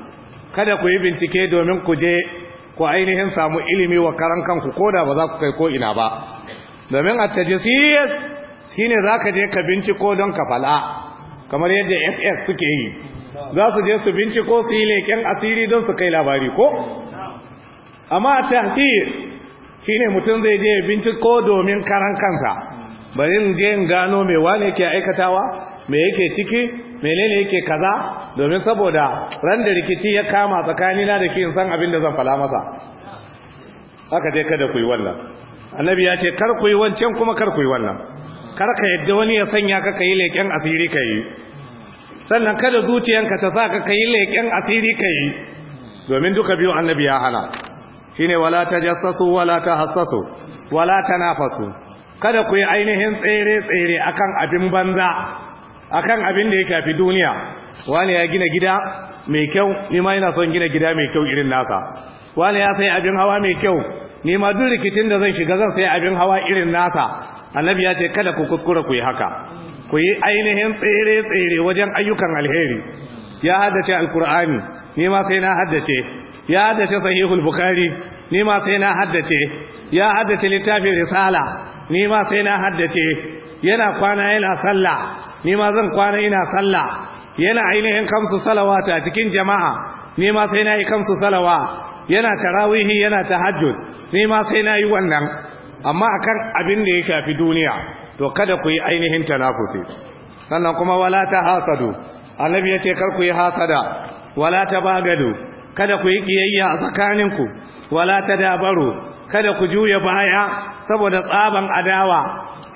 A: kada ku yi bincike domin ku je ku ainihin samu ilimi wa karan kanku koda ba za ku kai ko ina ba domin shi ne shine ka je ka binciko don ka fala kamar yadda fs suke yi za su je su binciko su yi leken asiri don su kai labari ko amma a tahqiq shine mutum zai je binciko domin karan kansa bari in je in gano me wane yake aikatawa me yake ciki menene yake kaza domin saboda ran da rikici ya kama tsakanina da ke san abin da zan fala masa haka dai kada ku yi wannan annabi ya ce kar ku yi wancan kuma kar ku yi wannan kar ka yadda wani ya sanya ka kai leken asiri kai sannan kada zuciyanka ta sa ka kai leken asiri kai domin duka biyu annabi ya hana shine wala tajassasu wala tahassasu wala tanafasu kada ku yi ainihin tsere tsere akan abin banza akan abin da ya kafi duniya wani ya gina gida mai kyau ni ma ina son gina gida mai kyau irin nasa wani ya sai abin hawa mai kyau ni ma duk rikicin da zan shiga zan sai abin hawa irin nasa annabi ya ce kada ku kuskura ku yi haka ku yi ainihin tsere tsere wajen ayyukan alheri ya haddace alkur'ani ni ma sai na haddace ya haddace sahihul bukhari ni ma sai na haddace ya haddace littafin risala ni ma sai na haddace yana kwana yana sallah ni ma zan kwana ina sallah yana ainihin kamsu salawata a cikin jama'a ni ma sai na yi kamsu salawa yana tarawihi yana tahajjud ni ma sai na yi wannan amma akan abin da ya shafi duniya to kada ku yi ainihin tanakusi sannan kuma wala ta hasadu annabi ya ce kar ku yi hasada wala ta bagadu kada ku yi kiyayya a tsakaninku wala ta dabaru kada ku juya baya saboda tsaban adawa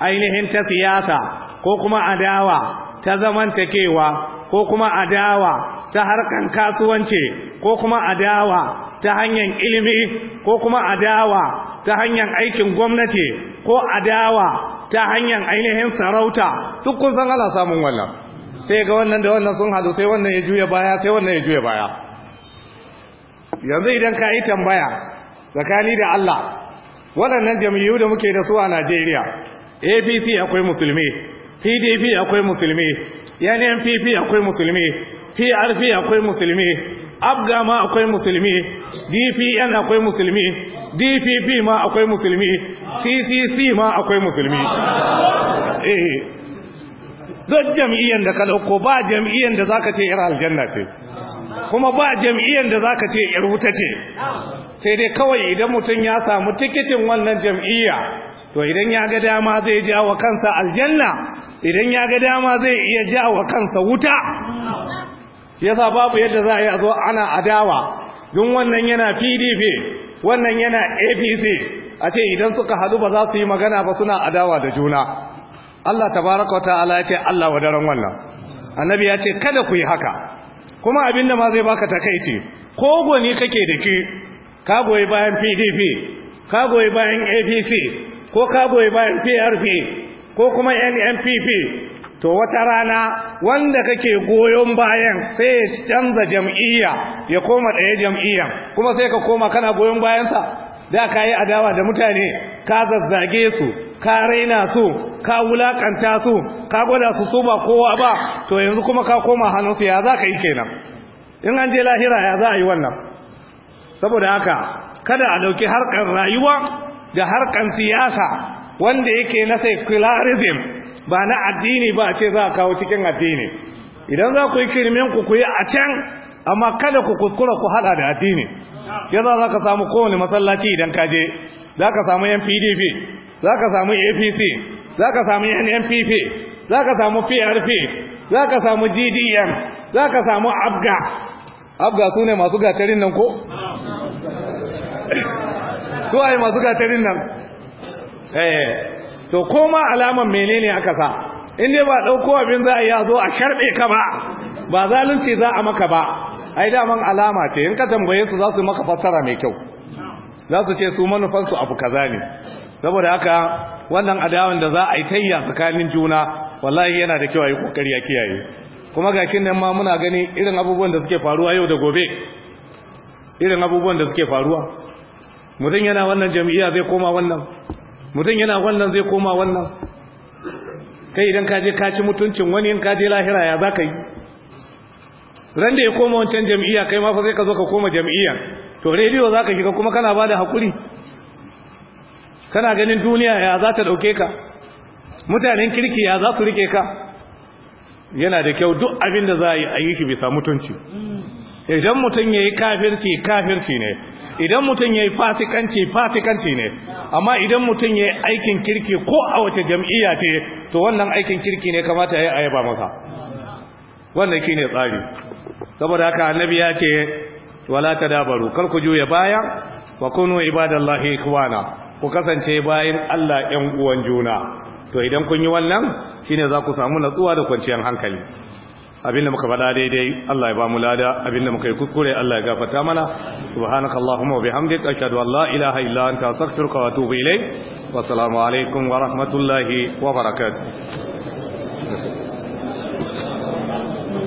A: ainihin ta siyasa ko kuma adawa ta zamantakewa ko kuma adawa ta harkan kasuwanci ko kuma adawa ta hanyar ilimi ko kuma adawa ta hanyar aikin gwamnati ko adawa ta hanyar ainihin sarauta duk kun san samun wannan sai ga wannan da wannan sun hadu sai wannan ya juya baya sai wannan ya juya baya yanzu idan ka yi tambaya tsakani da Allah waɗannan jam'iyyu da muke da su a Najeriya APC akwai musulmi PDP akwai musulmi NNPP akwai musulmi PRP akwai musulmi abga ma akwai musulmi dpn akwai musulmi dpp ma akwai musulmi ccc ma akwai musulmi eh, don jam'iyyar da ka dauko ba jam'iyyar da zaka ce 'yar aljanna ce kuma ba jam'iyyar da zaka ce 'yar wuta ce sai dai kawai idan mutum ya samu tikitin wannan jam'iyya to idan ya ga dama zai ja wa kansa aljanna idan ya ga dama zai iya ja wa kansa wuta yasa babu yadda za a yi a zo ana adawa don wannan yana pdp wannan yana apc a ce idan suka haɗu ba za su yi magana ba suna adawa da juna Allah tabaraka wata'ala ya ce Allah wa daren wannan annabi ya ce kada ku yi haka kuma abinda ma zai baka takaici ko goni kake da ke ka goyi bayan PDP ka goyi bayan APC ko ka goyi bayan PRP ko kuma NNPP to wata rana wanda kake goyon bayan sai ya canza jam'iyya ya koma ɗaya jam'iyyan kuma sai ka koma kana goyon bayansa da ka yi adawa da mutane ka zazzage su ka raina su ka wulakanta su ka gwada su su ba kowa ba to yanzu kuma ka koma hannunsu ya za ka yi kenan in an je lahira ya za a yi wannan saboda haka kada a ɗauki harkar rayuwa da harkar siyasa wanda yake na secularism ba na addini ba ce za a kawo cikin addini idan za ku yi kirmin ku ku yi a can amma kada ku kuskura ku haɗa da addini yasa za ka samu kowane masallaci idan ka je za ka samu yan pdp za ka samu apc za ka samu yan npp za ka samu prp za ka samu gdm za ka samu abga abga su ne masu gatarin nan ko? suwaye masu gatarin nan eh, to koma alaman menene aka sa inda ba ɗauko abin za a yi a zo a sharɓe ka ba ba zalunci za a maka ba ai daman alama ce in ka tambaye su za su maka fassara mai kyau za su ce su manufansu abu kaza ne saboda haka wannan adawan da za a yi tayya tsakanin juna wallahi yana da kyau a yi kokari a kiyaye kuma ga kin nan ma muna gani irin abubuwan da suke faruwa yau da gobe irin abubuwan da suke faruwa mutum yana wannan jami'a zai koma wannan mutum yana wannan zai koma wannan kai idan ka je ka ci mutuncin wani in ka je lahira ya za ka yi ran da ya koma wancan jam'iyya kai ma fa sai ka zo ka koma jam'iyya to rediyo za ka shiga kuma kana ba da haƙuri kana ganin duniya ya za ta ɗauke ka mutanen kirki ya za su rike ka yana da kyau duk abin da za a yi a yi shi bisa mutunci idan mutum ya yi kafirci kafirci ne idan mutum ya yi fasikanci fasikanci ne amma idan mutum ya yi aikin kirki ko a wace jam'iyya ce to wannan aikin kirki ne kamata ya yi a yaba maka wannan shi ne tsari saboda haka annabi ya ce wala tadabaru kar ku juya baya wa kunu ibadallahi ikhwana ku kasance bayin Allah ɗan uwan juna to idan kun yi wannan shine za ku samu natsuwa da kwanciyar hankali abinda muka faɗa daidai Allah ya ba mu lada abinda muka yi kuskure Allah ya gafarta mana subhanaka allahumma wa bihamdika ashhadu an la ilaha illa anta astaghfiruka wa atubu ilayk wa assalamu alaikum wa rahmatullahi wa barakatuh